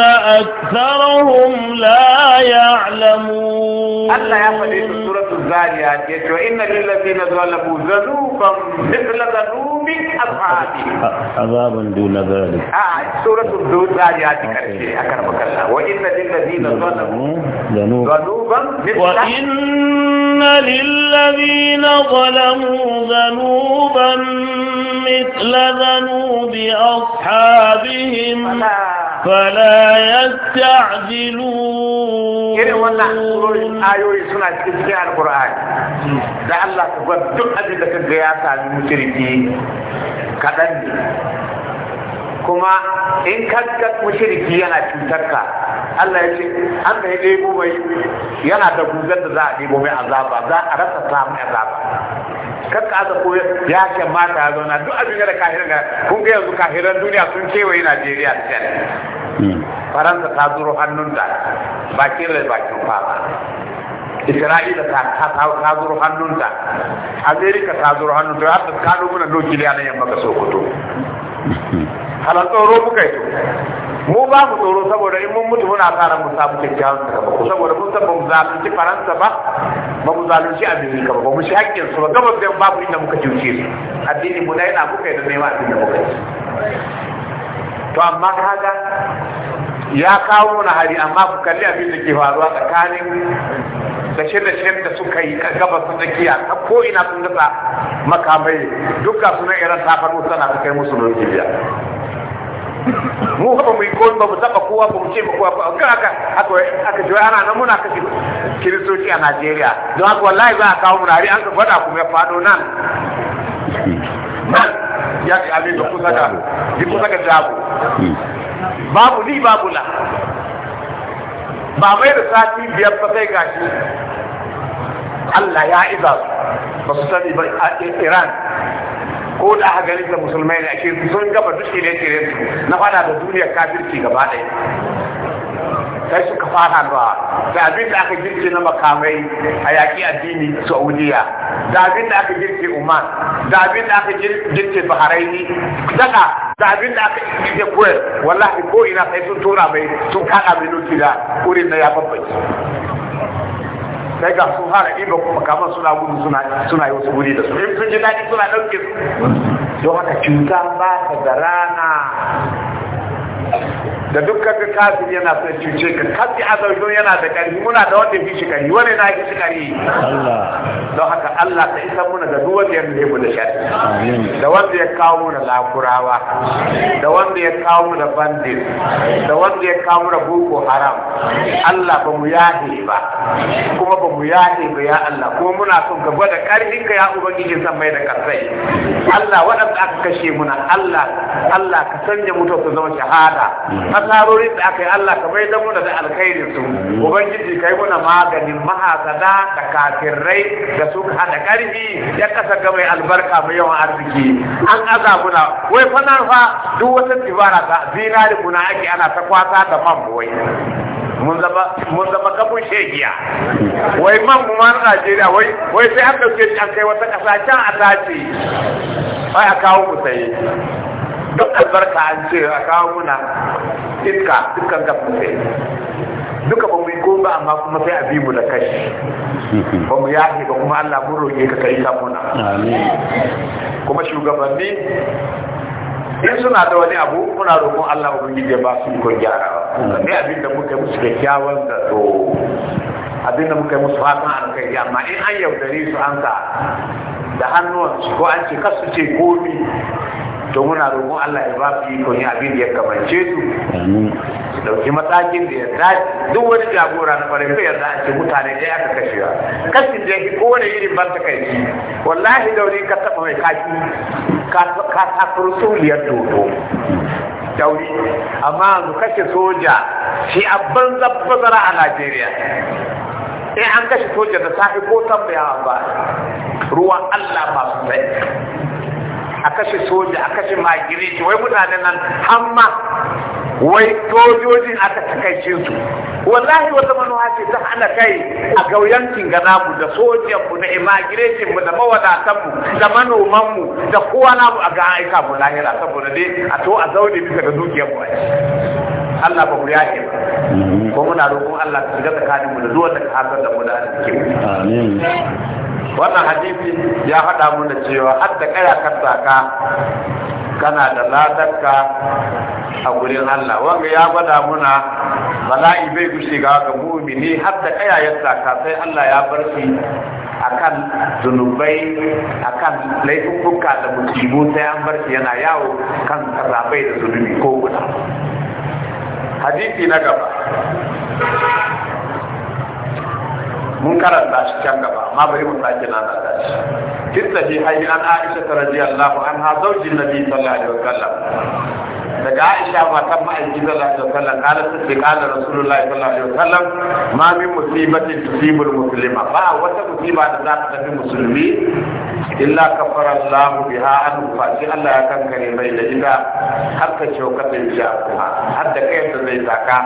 أكثرهم لا يعلمون الله يقول في سورة الزاريات يقول إن للذين ظلموا ذنوبا مثل ذنوب أصحابهم عذابا دون ذلك آه سورة الزاريات أكرمك الله وإن للذين ظلموا ذنوبا مثل وإن للذين ظلموا ذنوبا مثل ذنوب أصحابهم فلا yasta'jilun irin wannan surorin ayoyi suna cikin cikin da Allah ta bar duk abin da kaga ya sami mushriki kadan ne kuma in kaga mushriki yana cutar ka Allah ya ce an da yi ɗebo mai yana da guzar da za a ɗebo mai azaba za a rasa samun azaba kan ka aka ya ce mata ya zauna duk abin da kahiran kun ga yanzu kahiran duniya sun kewaye Najeriya da Hmm. faransa ta zuro hannunta bakin rai bakin fama isra'ila ta ta zuro hannunta amerika ta zuro hannunta har ta kano muna doki da yanayin maka sokoto halar tsoro muka yi mu ba mu tsoro saboda in mun mutu muna sa mu samu kyakkyawan ba saboda mun san ba mu zalunci faransa ba ba mu zalunci amerika ba ba mu shi hakkin su ba gabas da babu inda muka cuce su addini mu na yana muka yi da neman a da muka yi to amma kaga ya kawo na hari amma ku kalli abin da ke faruwa tsakanin dashe-dashen da suka yi gaba sun kiya ta ko ina sun gasa makamai duka suna iran ta faru sana su kai musu lokaci biya mu haɓa mu yi ba mu taɓa kowa ba mu ce ba kowa ba ga haka aka jiwa ana nan muna kashe kiristoci a najeriya don haka wallahi za a kawo mu hari an ka gwada kuma ya faɗo nan ya fi abin da kusa ga da kusa ga jago babu ni babu la babu mai da sati biyar ba sai gashi Allah ya iza ba su sani ba a Iran ko da aka gani da musulmai ne ake sun gaba duk shirye-shiryen su na fada da duniyar kafirci gaba ɗaya sai suka fara ba da abin da aka girke na makamai a yaƙi addini saudiya da abin da aka girke umar, da abin da aka girke bahraini daga da abin da aka girke kuwait wallahi ko ina sai sun tura mai sun kaɗa minuti da wurin na ya babbaci sai ga sun fara ɗiba kuma kamar suna gudu suna yi wasu guri da su in sun ji daɗi suna ɗauke su don haka cuta ba ta da rana da dukkan ka kafin yana son cuce ka kafi azabin yana da ƙarfi muna da wanda fi shi ƙarfi wani na fi shi ƙarfi don haka Allah ta isa muna da duk wanda ya mu da shari'a. da wanda ya kawo mu da lakurawa da wanda ya kawo mu da bandit da wanda ya kawo mu da boko haram Allah ba mu yahe ba kuma ba mu yahe ba ya Allah kuma muna son ka gwada ƙarfin ka ya ubangiji san mai da kasai Allah waɗanda aka kashe muna Allah Allah ka sanya mutu su zama shahada nasarorin da aka yi Allah ka bai muna da alkhairin su ubangiji kai muna maganin mahasada da kafirai da suka hada karfi ya kasa ga mai albarka mai yawan arziki an aza muna wai fa nan fa duk wata tibara ta zinari muna ake ana ta kwata da man boye mun zama kafin shegiya wai man mu ma Najeriya wai wai sai an dauke shi an kai wata kasa can a tace wai a kawo mu sai duk albarka an ce a kawo muna iska dukkan kafin sai duka ba mu yi goma amma kuma sai a bi mu da kashi ba mu yaki ba kuma Allah mun roƙe ka kai muna kuma shugabanni in suna da wani abu muna roƙon Allah yi ya ba su ko gyara ne abin da muka musu kyakkyawan da to abin da muka musu fatan alkhairi amma in an yaudare su an ka da hannuwan ko an ce kasu ce komi don muna roƙon Allah ya ba su ikon yin abin da ya kamance su dauki matakin da ya dace duk wani jagora na farin fiyar da ake ce mutane ya aka kashewa kasin da yake kowane irin ban ta kai wallahi dauri ka taɓa mai kaki ka takuru tsuliyar doto dauri amma yanzu kashe soja shi abban zabbazara a Najeriya in an kashe soja da safe ko tambaya ba ruwan Allah masu tsaye a kashe soja a kashe magireci wai mutanen nan hamma wai sojojin aka takaice su wallahi wata manuwa ce ta hana kai a gauyan kingana mu da soja, mu da imagiretin mu da mawadatan mu da manoman mu da kowa na mu a ga aika mu lahira saboda dai a to a zaune bisa ga dukiyar mu Allah ba mu yaƙe ba ko muna roƙon Allah ka shiga tsakanin mu da zuwa ka kasar da mu da arziki amin wannan hadisi ya faɗa mana cewa da kaya ka saka kana da ladarka a gurin Allah wanda ya gwada muna bala'i bai gushe ga ga mumini har da kaya ya saka sai Allah ya bar shi akan zunubai akan laifuka da musibu sai an bar shi yana yawo kan karabai da zunubi ko guda hadisi na gaba mun karanta shi can gaba amma bari mun sake da shi kin da shi hayy an Aisha radiyallahu anha zaujin Nabi sallallahu alaihi wasallam daga Aisha ma ma ma'aiki sallallahu alaihi wasallam kana sai kana Rasulullahi sallallahu alaihi wasallam ma min musibatin tusibul muslima ba wata musiba da za ta tafi musulmi illa kafara Allah biha an fa shi Allah ya kankare mai da ita har ka cewa ka ja kuma har da kai da zai taka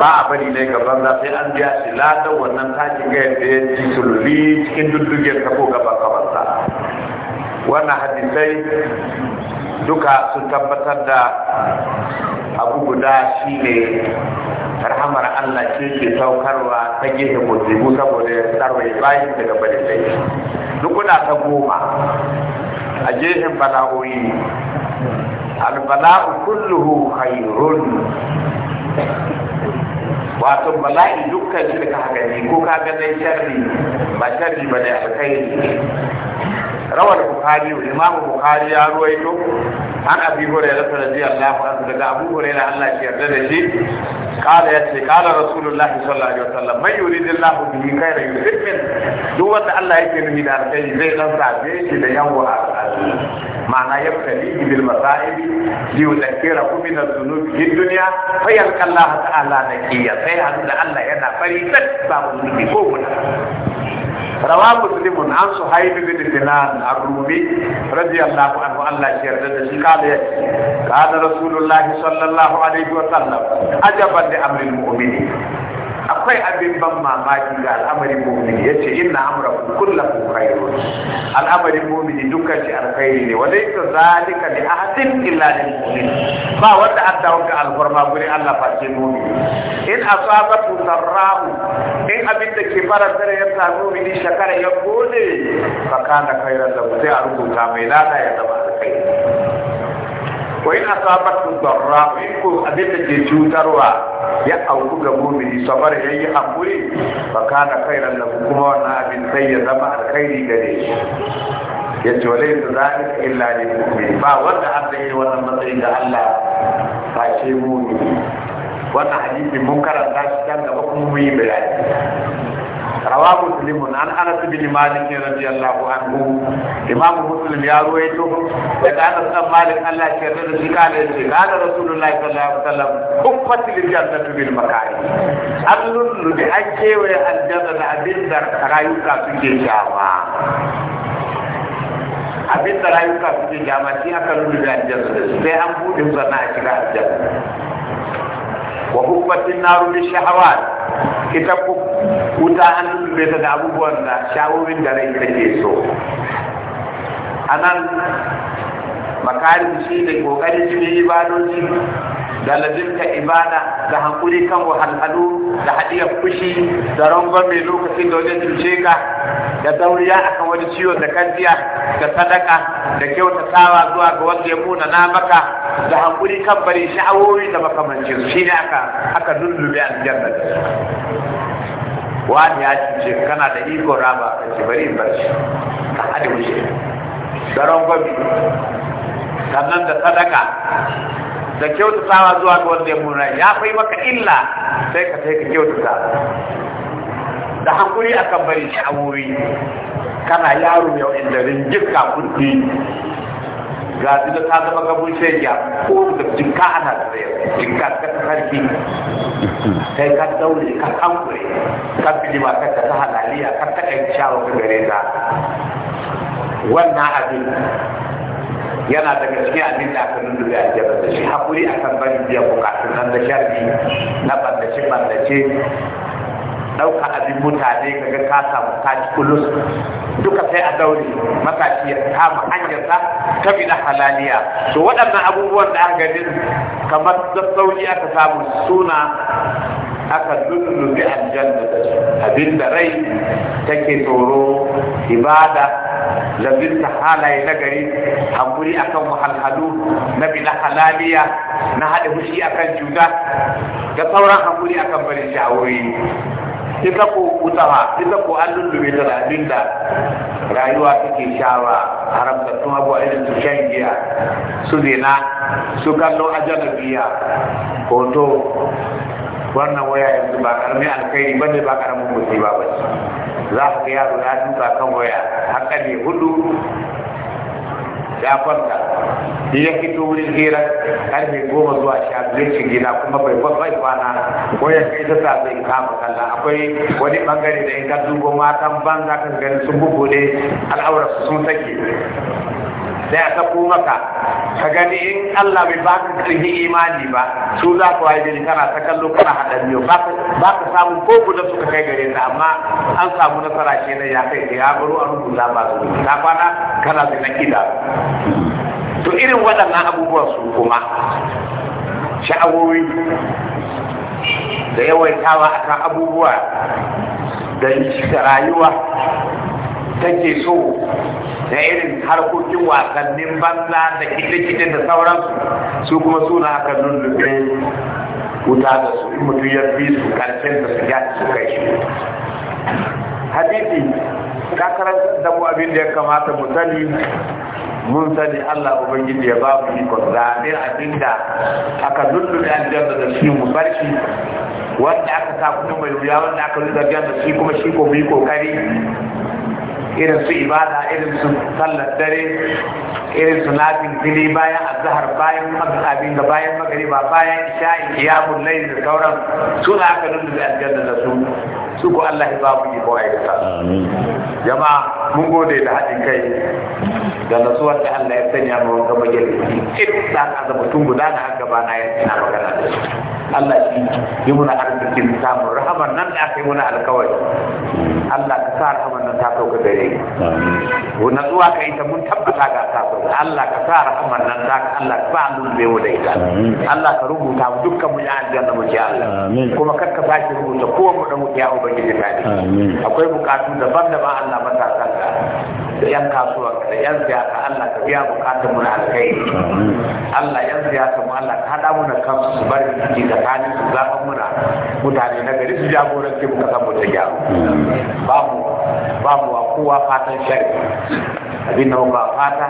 ba a bari ne gaban za sai an biya shi ladan wannan taki ga yadda ya ji sulli cikin duddugen ta ko gaban kafansa wannan hadisai duka su tabbatar da abu guda shine rahamar Allah ce ke saukarwa ta gefe musulmi saboda ya tsarwai bayan daga barin dukuna ta goma a gefen bala'o'i albala'u kulluhu khairun wato bala'i dukkan shi ka haka ne ko ka ga dai sharri ba sharri ba da alkhairi rawar bukhari imam bukhari ya ruwaito an abi hurairah radiyallahu anhu daga abu hurairah Allah ya yarda da shi قال يتي قال رسول الله صلى الله عليه وسلم من يريد الله به خيرا يسلم duk wanda Allah yake nuni da alkhairi zai dan zai shi da yawa a معنى يبتلي bil masaibi li yudhakkira kum min adh-dhunub fi dunya fa yalqa Allah ta'ala nakiya sai yana fari babu zunubi ko guda رواه مسلم عن صهيب بن دينار الرومي رضي الله عنه الله يرضى قال قال رسول الله صلى الله عليه وسلم عجبا لامر المؤمنين akwai abin ban mamaki ga al'amarin mu'mini yace inna amrahu kullahu khairun al'amarin mu'mini dukkan shi alkhairi ne wa laysa zalika li ahadin illa lil mu'min ba wanda an dawo ga alfarma gure Allah fa ce mu'mini in asabatu sarrahu in abin da ke fara dare ya samu mu'mini shakara ya gode fa kana khairan lahu sai a rubuta mai lada ya zama alkhairi wa in asabatkum darra in ko abin da ke cutarwa ya auku ga mu'mini sabar yayi hakuri fa kana khairan lahu kuma wannan abin sai ya zama alkhairi gare shi ya ce walai su illa ne mu'min ba wanda an da yi wannan matsayin da Allah ba ce mu'min wannan hadisi mun karanta shi kan gaba kuma mu yi bayani rawa muslimun an anas bin malik radiyallahu anhu imam muslim ya ruwaito da anas bin malik Allah ya yarda da shi kana yace kana rasulullahi sallallahu alaihi wasallam ummatul lil jannati bil makari an lullu bi an kewaye aljanna da abin da rayuka suke jama abin da rayuka suke jama shi aka lullu da aljanna sai an bude zanna a shiga aljanna wa hubbatin naru bi shahawat ita ku wuta an bai da abubuwan da shawowin da rai take so anan makarin shi ne kokarin shi ne ibadoci da lazimta ibada da hankuri kan wahalhalu da hadiyar fushi da rangon mai lokacin da wajen cuce ka da dauriya akan wani ciwon da kajiya da sadaka da tsawa zuwa ga wanda ya muna na maka da hankuri kan bari sha'awoyi da makamancin shi ne aka aka cikin aljanna wani ya cuce kana da iko raba a ce bari in barci shi ka wuce da rangon sannan da sadaka da kyautatawa zuwa ga wanda ya muna ya fai maka illa sai ka sai ka kyautata da hankuri akan bari shi a wuri kana yaro yau inda ka kunti ga da ta zama gabun shirya ko da jinka ana zai jinka ka ta karfi sai ka daure ka hankuri ka jima ka ta halaliya ka ta ɗan gare ta wannan abin yana daga cikin abin da aka nuna da ake da shi hakuri akan bari biyan bukatun nan da sharbi na bandace bandace ɗauka abin mutane kaga ka samu kaci kulus duka sai a daure matashi ya kama hanyarsa ta bi na halaliya to waɗannan abubuwan da aka gani kamar da sauki aka samu suna aka bi aljanna da rai take tsoro ibada labinta halaye na gari hankuri akan muhalhalu na bila halaliya na haɗa fushi akan juna da sauran hankuri akan barin sha'awoyi ita ko kutawa ita ko an lullube da abin rayuwa take shawa haramtattun abuwa irin su shan giya su kallo su biya ko hoto wannan waya yanzu ba karamin alkai ba ne ba karamin musiba ba za ka ga yaro ya duka kan waya hankali hudu ya kwanta ya fito wurin hira karfe goma zuwa sha biyu shi gida kuma bai bai kwana ko ya kai ta sa zai kama kalla akwai wani bangare da in ka dubo matan za ka gani sun al'aura su sun sake sai a sako maka ka gani in Allah bai baka karfi imani ba su za ku haifin kana ta kallo kana biyu ba ka samu ko guda suka kai gare ta amma an samu nasara ke nan ya kai ya baro a rubuta ba su ta kwana kana zai na kida to irin waɗannan abubuwan su kuma sha'awowi da yawaitawa akan abubuwa da rayuwa take so da irin harkokin wasannin banza da kiɗe da sauransu su kuma suna aka lullube wuta da su in mutu ya fi su karshen da su gaji su kai shi hadisi ta karanta da mu abin da ya kamata mu mun sani Allah ubangiji ya ba mu iko a abinda aka lullube aljanna da shi mu barki wanda aka sa kuma mai wuya wanda aka lullube da shi kuma shi ko mu yi kokari irin su ibada irin su sallar dare irin su lafin fili bayan azahar bayan abin da bayan magariba bayan sha'i, ya layl da sauran su na aka da aljanna da su su ko Allah ya ba mu iko aikata jama'a mun gode da haɗin kai da nasuwar da Allah ya sanya mu wanga majalisi irin da aka zama tun guda na aka ba na yana magana da shi Allah shi yi muna arzikin samun rahaman nan da aka yi muna alkawari Allah ka sa rahaman nan ta sauka gare natsuwa ka yi ta mun tabbata ga ta Allah ka sa rahamar nan ta Allah ka ba mu bewo da ita Allah ka rubuta mu dukkan mu ya aljanna mu ya Allah kuma kar ka sake rubuta ko mu da mu ya ubangiji ta akwai bukatu daban-daban Allah ta sanka da yan kasuwa da yan siyasa Allah ka biya bukatun mu na alkhairi Allah yan siyasa mu Allah ka hada mu da kansu su bar ki da kani su zaɓa muna mutane na gari su jagoranci mu kasan mu ta gyaru babu wa kowa fatan shari abin da ba fata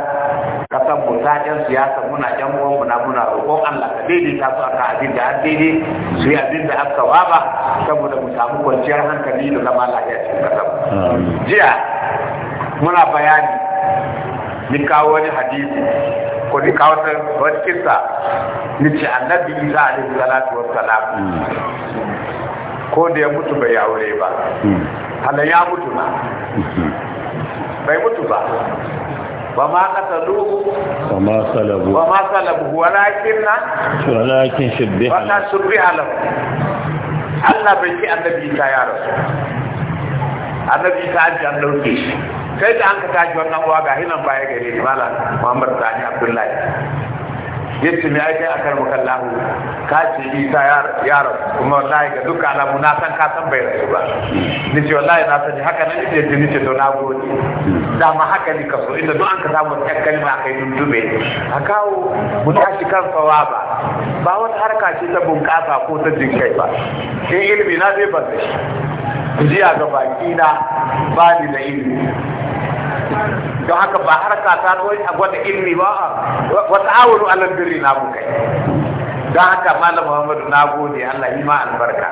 kasan mu ta yan siyasa muna yan uwan mu na muna roƙon Allah ka daidaita su aka abin da an daidai su yi abin da aka waba saboda mu samu kwanciyar hankali da zama lafiya cikin kasan jiya muna bayani ni kawo wani hadisi ko ni kawo wani kisa ni ce annabi isa alaihi salatu wassalam ko da ya mutu bai aure ba hala ya mutu na bai mutu ba ba ma duhu ba ma salabu ba ma salabu walakin na walakin shubbiha wa shubbiha lahu Allah bai yi annabi ta ya rasu annabi ta ji an dauke shi kai da an ka tashi wannan uwa ga hinan baya gare ni malam Muhammad Sani Abdullahi yace me ai kai akar makallahu ka ce isa ya kuma wallahi ga duka alamu na san ka san bai rasu ba ni ce wallahi na san haka nan ce ni ce to na gode dama haka ni kaso inda duk an ka samu ta kalma kai dube a kawo mu shi kan sawaba ba wata harka ce ta bunƙasa ko ta jinkai ba in ilimi na zai ba shi jiya ga baki na ba ni da ilimi don haka ba harka ta zo a gwada ilmi ba wa ta'awunu alal birri na bukai don haka malam muhammadu na gode allah yi ma albarka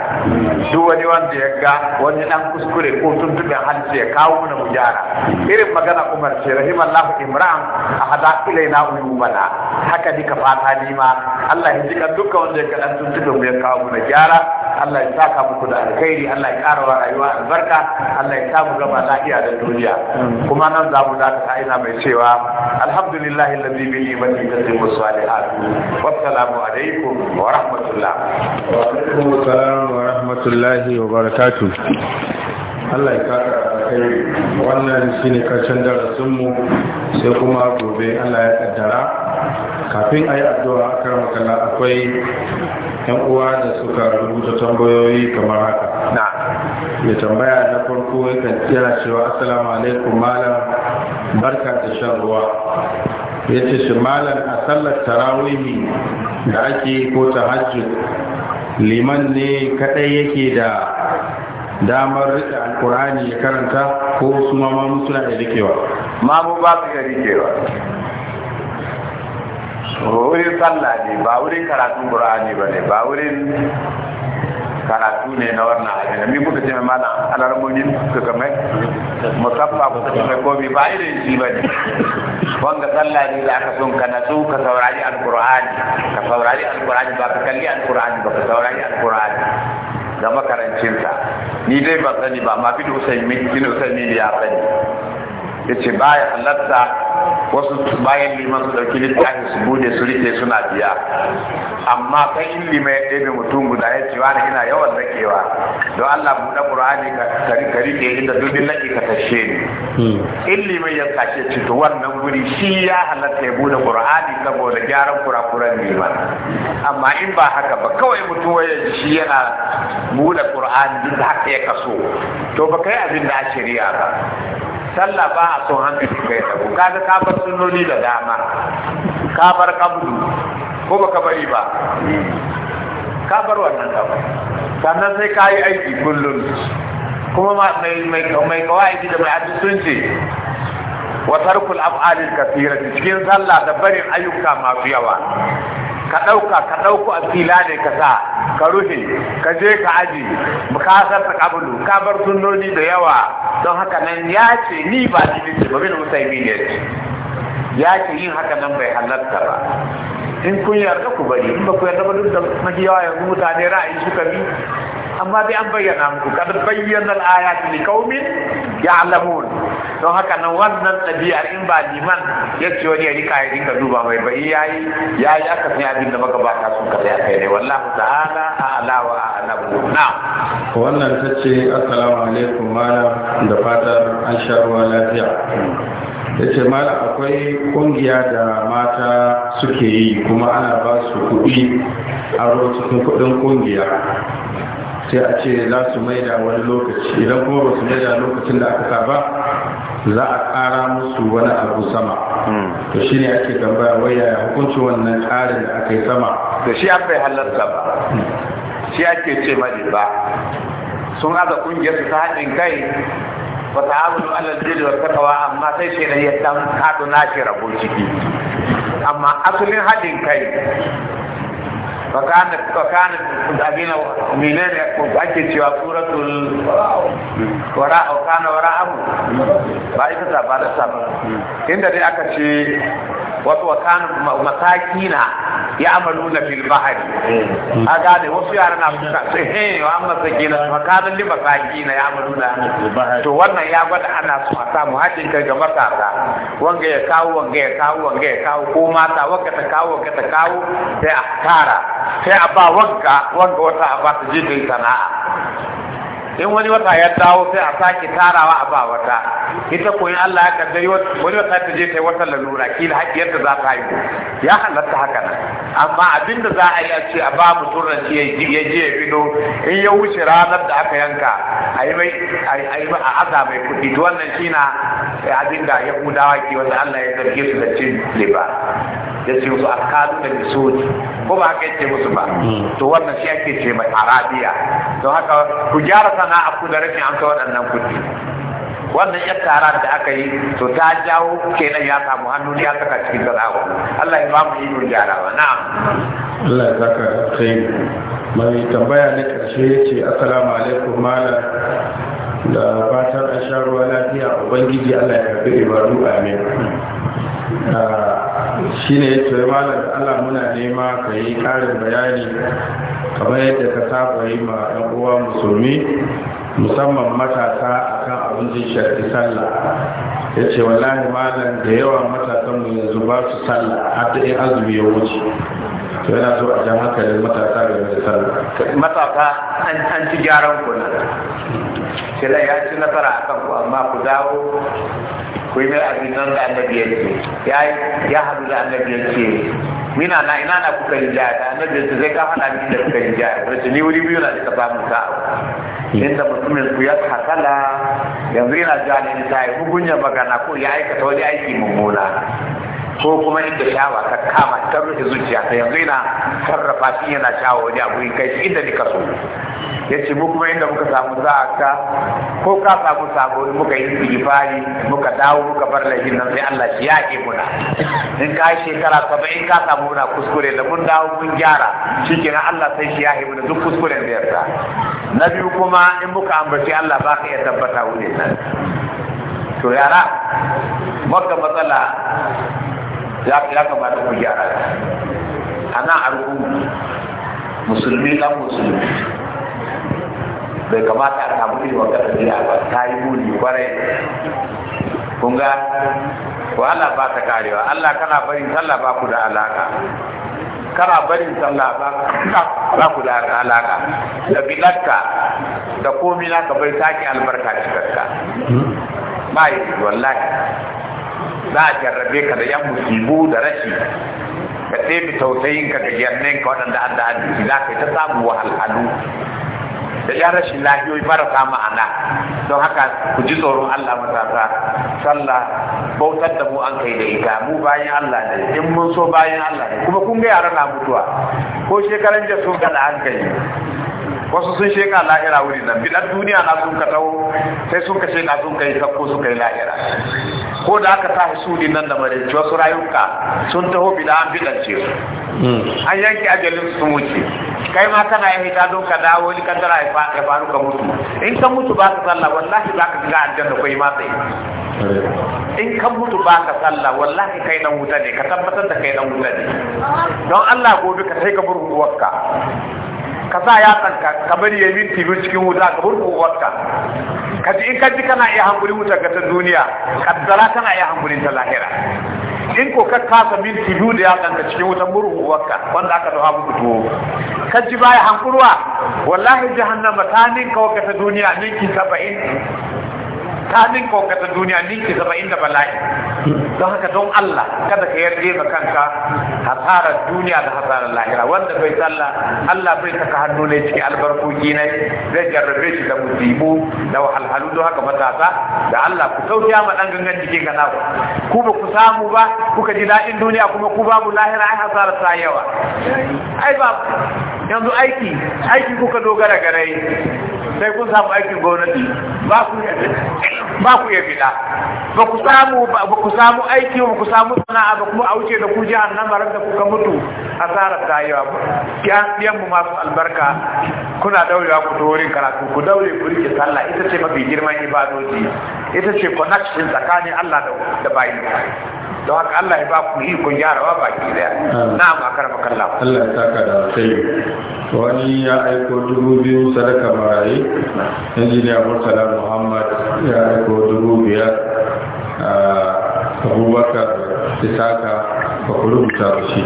duk wani wanda ya ga wani dan kuskure ko tuntuɓen hanci ya kawo mana mu gyara irin magana umar ce rahimallahu imran a hada uyu mana haka dika fata ni ma allah ya jika dukkan wanda ya ga dan tuntuɓen mu ya kawo mana gyara allah ya saka muku da alkhairi allah ya ƙara wa rayuwa albarka allah ya mu gaba lafiya da duniya kuma nan za mu a ina mai cewa alhamdulillahi alladhi bi ni'matihi tatimmu salihat wa assalamu alaikum alaikum wa wa rahmatullahi wa barakatuh Allah ya kara kai wannan shine karshen darasin mu sai kuma gobe Allah ya kaddara kafin ayi addu'a kar makalla akwai yan uwa da suka rubuta tambayoyi kamar haka na ya tambaya na farko yakan tsira cewa assalamu alaikum malam barka da shan ruwa ya ce shimalar a sallar tarawihi da ake ko hajji liman ne kadai yake da damar rike alkur'ani ya karanta ko su ma mamu suna da rikewa mu ba su da rikewa wurin sallah ne ba wurin karatun qur'ani ba ne ba wurin karatu ne na wannan abin mi kuka ce mana alarmonin suka kame musaffa ko ce mai komi ba irin shi ba ne wanga sallah ne da aka son kana su ka saurari alqur'ani ka saurari alqur'ani ba ka kalli alqur'ani ba ka saurari alqur'ani da sa ni dai ba sani ba ma fi da usaimi ya sani ya ce baya halatta wasu bayan liman su ɗauki littafi su bude su rike suna biya amma kan in liman ya ɗebe mutum guda ya cewa ina yawan nakewa don Allah buɗe ƙur'ani ka rike inda dubin nake ka tashe ni hmm. in liman ya sace ce to wannan guri shi ya halatta ya buɗe ƙur'ani saboda gyaran kurakuran liman amma in ba haka ba kawai mutum ya shi yana buɗe ƙur'ani duk haka ya kaso to ba kai abin da a shari'a ba sallah ba a son hankali kai rabu kaga ka bar sunnoni da dama ka bar kabdu ko ka bari ba ka bar wannan gaba sannan sai ka yi aiki kullum kuma mai mai kawai da mai hadisi sun ce wa tarkul af'alil kathira cikin sallah da barin ayyuka masu yawa ka ɗauka ka ɗauko asila ne ka sa ka rufe ka je ka aji ka sassa kabulu ka bar sunnoni da yawa don haka nan ya ce ni ba ni ce ba bin yi ne ya ce yin haka nan bai halatta ba in kun yarda ku bari in ba ku yarda ba duk da yawa yanzu mutane ra'ayi ka bi amma dai an bayyana muku kada bayyana al'ayatu li qaumin ya'lamun don haka nan wannan ɗabi'ar in ba liman ya ce wani ya rika ya rika duba mai bai ya yi aka san abin da magabata sun kada ya kai ne wallahi ta'ala a'la a alabu na wannan ta ce, assalamu alaikum mana da fatar an sha ruwa lafiya ya ce mana akwai kungiya da mata suke yi kuma ana ba su kuɗi aro cikin kuɗin kungiya sai a ce za su maida wani lokaci idan kuma ba su maida lokacin da aka sa ba za a ƙara musu wani abu sama hmm. to shine ake tambaya waya hukuncin wannan ƙarin da aka yi sama da shi an bai halarta ba hmm. shi ake ce mali ba sun aza kungiyar su ta haɗin kai abu da alal birri wa takawa amma sai shi ne ya ɗan haɗu na shi rabu ciki amma asalin haɗin kai فكان فكان أبينا منين أكيد شو سورة وراء وكان وراءه بعد سبعة سبعة إن ده أكشي wato kan masakina ya amalu na fil bahari a gane wasu yara na suka sai he wa masakina makanan li masakina ya amalu na to wannan ya gwada ana su a samu haɗin kai ga matasa wanga ya kawo kawo kawo ko mata wanga kawo kawo a tara sai a ba wanka wanka wata a ba ta yi sana'a in wani wata ya dawo sai a sake tarawa a ba wata ita koyi Allah ya kaddai wani wata ta je ta yi wata lalura kila haƙiyar da za ta yi ya halatta haka nan amma abin da za a yi a ce a ba mutum rance ya je ya fito in ya wuce ranar da aka yanka a yi mai a aza mai kuɗi to wannan shi na abin da yahudawa ke wanda Allah ya zarge su da cin liba ya ce su alkalu da misoli ko ba ka ce musu ba hmm. to wannan shi ake ce mai arabiya to haka ku gyara sana'a ku da rashin amsa waɗannan kuɗi wannan yan taron da aka yi to ta jawo kenan ya samu hannu ya saka cikin sana'a Allah ya ba mu gyara ba na'am Allah ya saka kai mai tambaya ne karshe ce, assalamu alaikum malam da fatan an sha ruwa lafiya ubangiji Allah ya karbi ibadu amin ah, shi ne to malam da Allah muna nema ka yi ƙarin bayani kamar yadda ka saba yi ma ɗan uwa musulmi musamman matasa akan abin da shafi sallah ya ce wallahi malam da yawa matasan mu yanzu ba su sallah har da azumi ya wuce to yana so a jan hankalin matasa game da sallah matasa an ci gyaran kuna shila ya ci nasara a kanku amma ku dawo ku yi mai abin nan da annabi ya ya haɗu da annabi ya ce mina na ina na kuka yi jaya da annabi ya ce zai ka faɗa min da kuka yi jaya wacce ni wuri biyu na da ka samu sa'a inda mutumin ku ya hakala yanzu ina jani ta yi mugunya magana ko ya aikata wani aiki mummuna ko kuma inda shawa ta kama ta rufe zuciya ta yanzu yana sarrafa shi yana shawa wani abu in kai inda ni kaso ya ce mu kuma inda muka samu za a ka ko ka samu sabo muka yi fari, muka dawo muka bar laifin nan sai Allah shi yaƙe muna in ka shekara in ka samu muna kuskure da mun dawo mun gyara na Allah sai shi yaƙe muna duk kuskuren da yarda na biyu kuma in muka ambaci Allah ba ka iya tabbata wuri nan to yara maka matsala ya kamata ku gyara ana arku musulmi dan musulmi bai kamata a samu irin wata tafiya ba ta yi muni kwarai kun ga ko Allah ba ta karewa Allah kana bari sallah ba ku da alaka kana bari sallah ba ba ku da alaka da bilatta da komai ka bai take albarka cikakka hmm? ba yi wallahi za a jarrabe ka da yan musibu da rashi ka ɗebe tausayin ka ga yannin ka waɗanda an da hadisi za ka yi ta samu wahalhalu da ya rashin lahiyoyi marasa ma'ana don haka ku ji tsoron Allah matasa sallah bautar da mu an kai da ita mu bayan Allah ne in mun so bayan Allah ne kuma kun ga yara na mutuwa ko shekaran da sun gada an kai wasu sun sheka la'ira wuri nan bidan duniya na sun ka sai sun ka sheka sun kai sakko sun kai la'ira ko da aka su din nan da marinci wasu rayuka sun taho bida an bidance su hmm. an yanke ajalin su wuce kai ma kana yi ta don ka dawo ni kaddara ya faru ka mutu in ka mutu ba ka sallah wallahi ba ka ga aljanna kai ma sai in ka mutu ba ka sallah wallahi kai dan wuta ne ka tabbatar da kai dan wuta ne don Allah gobe ka sai ka burhu wakka ka sa yatsanka ka bari ya minti biyu cikin wuta ka burku wata ka ji in ka ji kana iya hankuri wuta ga ta duniya kaddara kana iya hankulin ta lahira in ko ka kasa minti biyu da yatsanka cikin wutan burku wata wanda aka zo muku tuwo ka ji baya hankurwa wallahi jahannama ta ninka wakata duniya ninki saba'in ka min kokata duniya ninki zama inda bala'i don haka don Allah kada ka yarje ma kanka hasarar duniya da hasarar lahira wanda bai sallah Allah bai saka hannu ne cikin albarkoki ne zai jarrabe shi da musibu da wahalhalu don haka matasa da Allah ku sauya ma dan gangan jike kana ku ba ku samu ba kuka ji daɗin duniya kuma ku babu lahira ai hasarar ta yawa ai ba yanzu aiki aiki kuka dogara gare sai kun samu aikin gwamnati ba ku iya ba fita ba ku samu ba ku samu aiki ba ku samu sana'a ba kuma a wuce da ku jihar nan marar da kuka mutu asarar ta yi ba mu masu albarka kuna daurewa ku wurin karatu ku daure ku rike sallah ita ce mafi girman ibadoji ita ce connection tsakanin Allah da bayi don haka Allah ya ba ku yi kun gyarawa baki daya na'am akar makallahu Allah ya saka da kai wani ya aiko dubu biyu sadaka marayi injiniya murtala muhammad ya aiko dubu biyar ah, abubakar isaka ba ku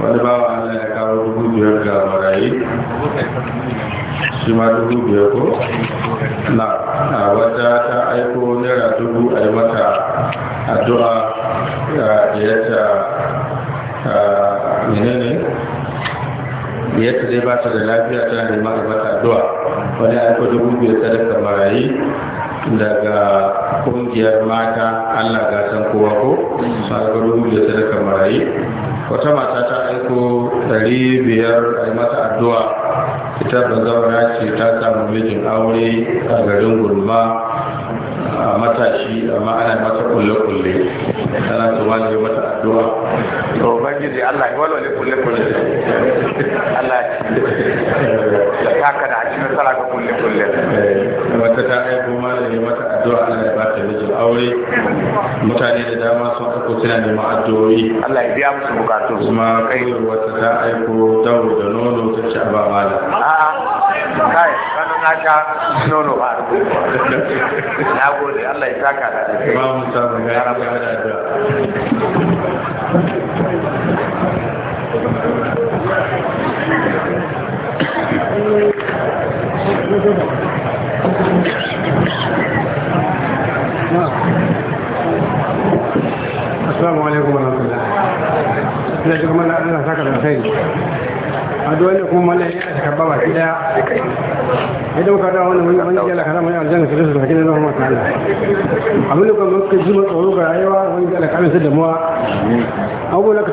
wani bawa Allah ya kawo dubu biyar ga marayi shi ma dubu biyar ko na a wata ta aiko nera dubu a yi mata addu'a da yadda a menene yadda dai ba ta da lafiya tana da mata mata addu'a wani aiko dubu biyar sadaka marayi daga kungiyar mata Allah gasan kowa ko sa ga dubu biyar sadaka marayi wata mata ta aiko ɗari biyar a mata addu'a ita bazawara ce ta samu mijin aure a garin gurma, a matashi amma ana mata kulle-kulle tana tuma ne mata addu'a to ubangiji Allah ya walwale kulle-kulle Allah ya ya taka da a hajji nasara ga kulle-kulle eh, wata ta aiko ma da mata addu'a ana ya ba aure mutane da dama sun aiko suna da addu'o'i Allah ya musu bukatu kuma kai wata ta aiko dawo da nono ta ci ba mala a'a ya saka da ba da Thank you. assalamu alaikum warahmatullahi ina ji kuma Allah saka da sai kuma mallan ya saka baba ki da wannan aljanna abin da kuma tsoro ga rayuwa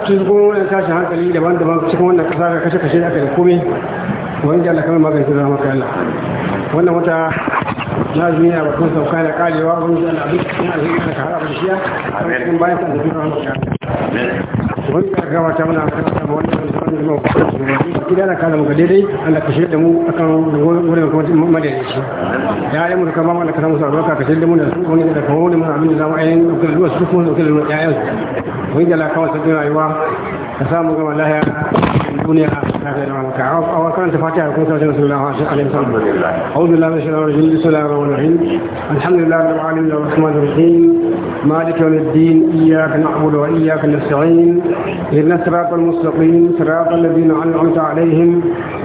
sai da da hankali daban-daban cikin wannan kasa ka kashe-kashe da aka da komai wani jalla kamar da Allah wannan wata lazumi yana bakon sauka da karewa wani da al'adu cikin alheri da da bishiya a cikin bayan sa da zuwa wani wani ka ta muna kan samu wani da wani zama wani gida na kada ga daidai Allah da kashe da mu akan wani kuma madalici ya yi muka kama wanda ka musu sauran ka shirya da mu da su wani da kuma wani mun abin da zamu ayin dukkan ruwa su kuma dukkan ruwa ƴaƴan su wani da kawai sa rayuwa ka samu gama lahiya بني او قرأت فاتحة كنت رسول الله عليه وسلم الحمد لله أعوذ بالله من الشيطان الرجيم بسم الله الرحمن الرحيم الحمد لله رب العالمين الرحمن الرحيم مالك يوم الدين إياك نعبد وإياك نستعين اهدنا الصراط المستقيم صراط الذين أنعمت عليهم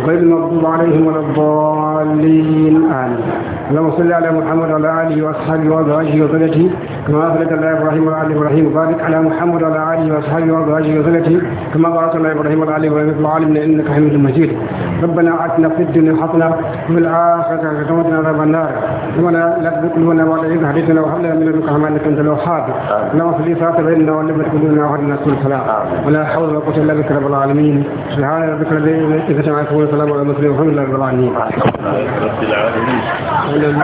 غير المغضوب عليهم ولا الضالين آمين اللهم صل على محمد وعلى آله وأصحابه وأزواجه وذريته كما صليت الله إبراهيم وعلى اله إبراهيم وبارك على محمد وعلى آله وأصحابه وأزواجه وذريته كما بارك الله إبراهيم وعلى اله إبراهيم رب العالمين إنك حميد مجيد ربنا آتنا في الدنيا حسنة وفي الآخرة حسنة عذاب النار ربنا لا تزغ قلوبنا بعد إذ هديتنا وهب لنا من ربك رحمة إنك أنت الوهاب اللهم صل وسلم بيننا وعلمنا قلوبنا وهدنا كل السلام ولا حول ولا قوة إلا بك رب العالمين سبحان ربك رب العزة عما يصفون وسلام على المسلمين والحمد لله رب العالمين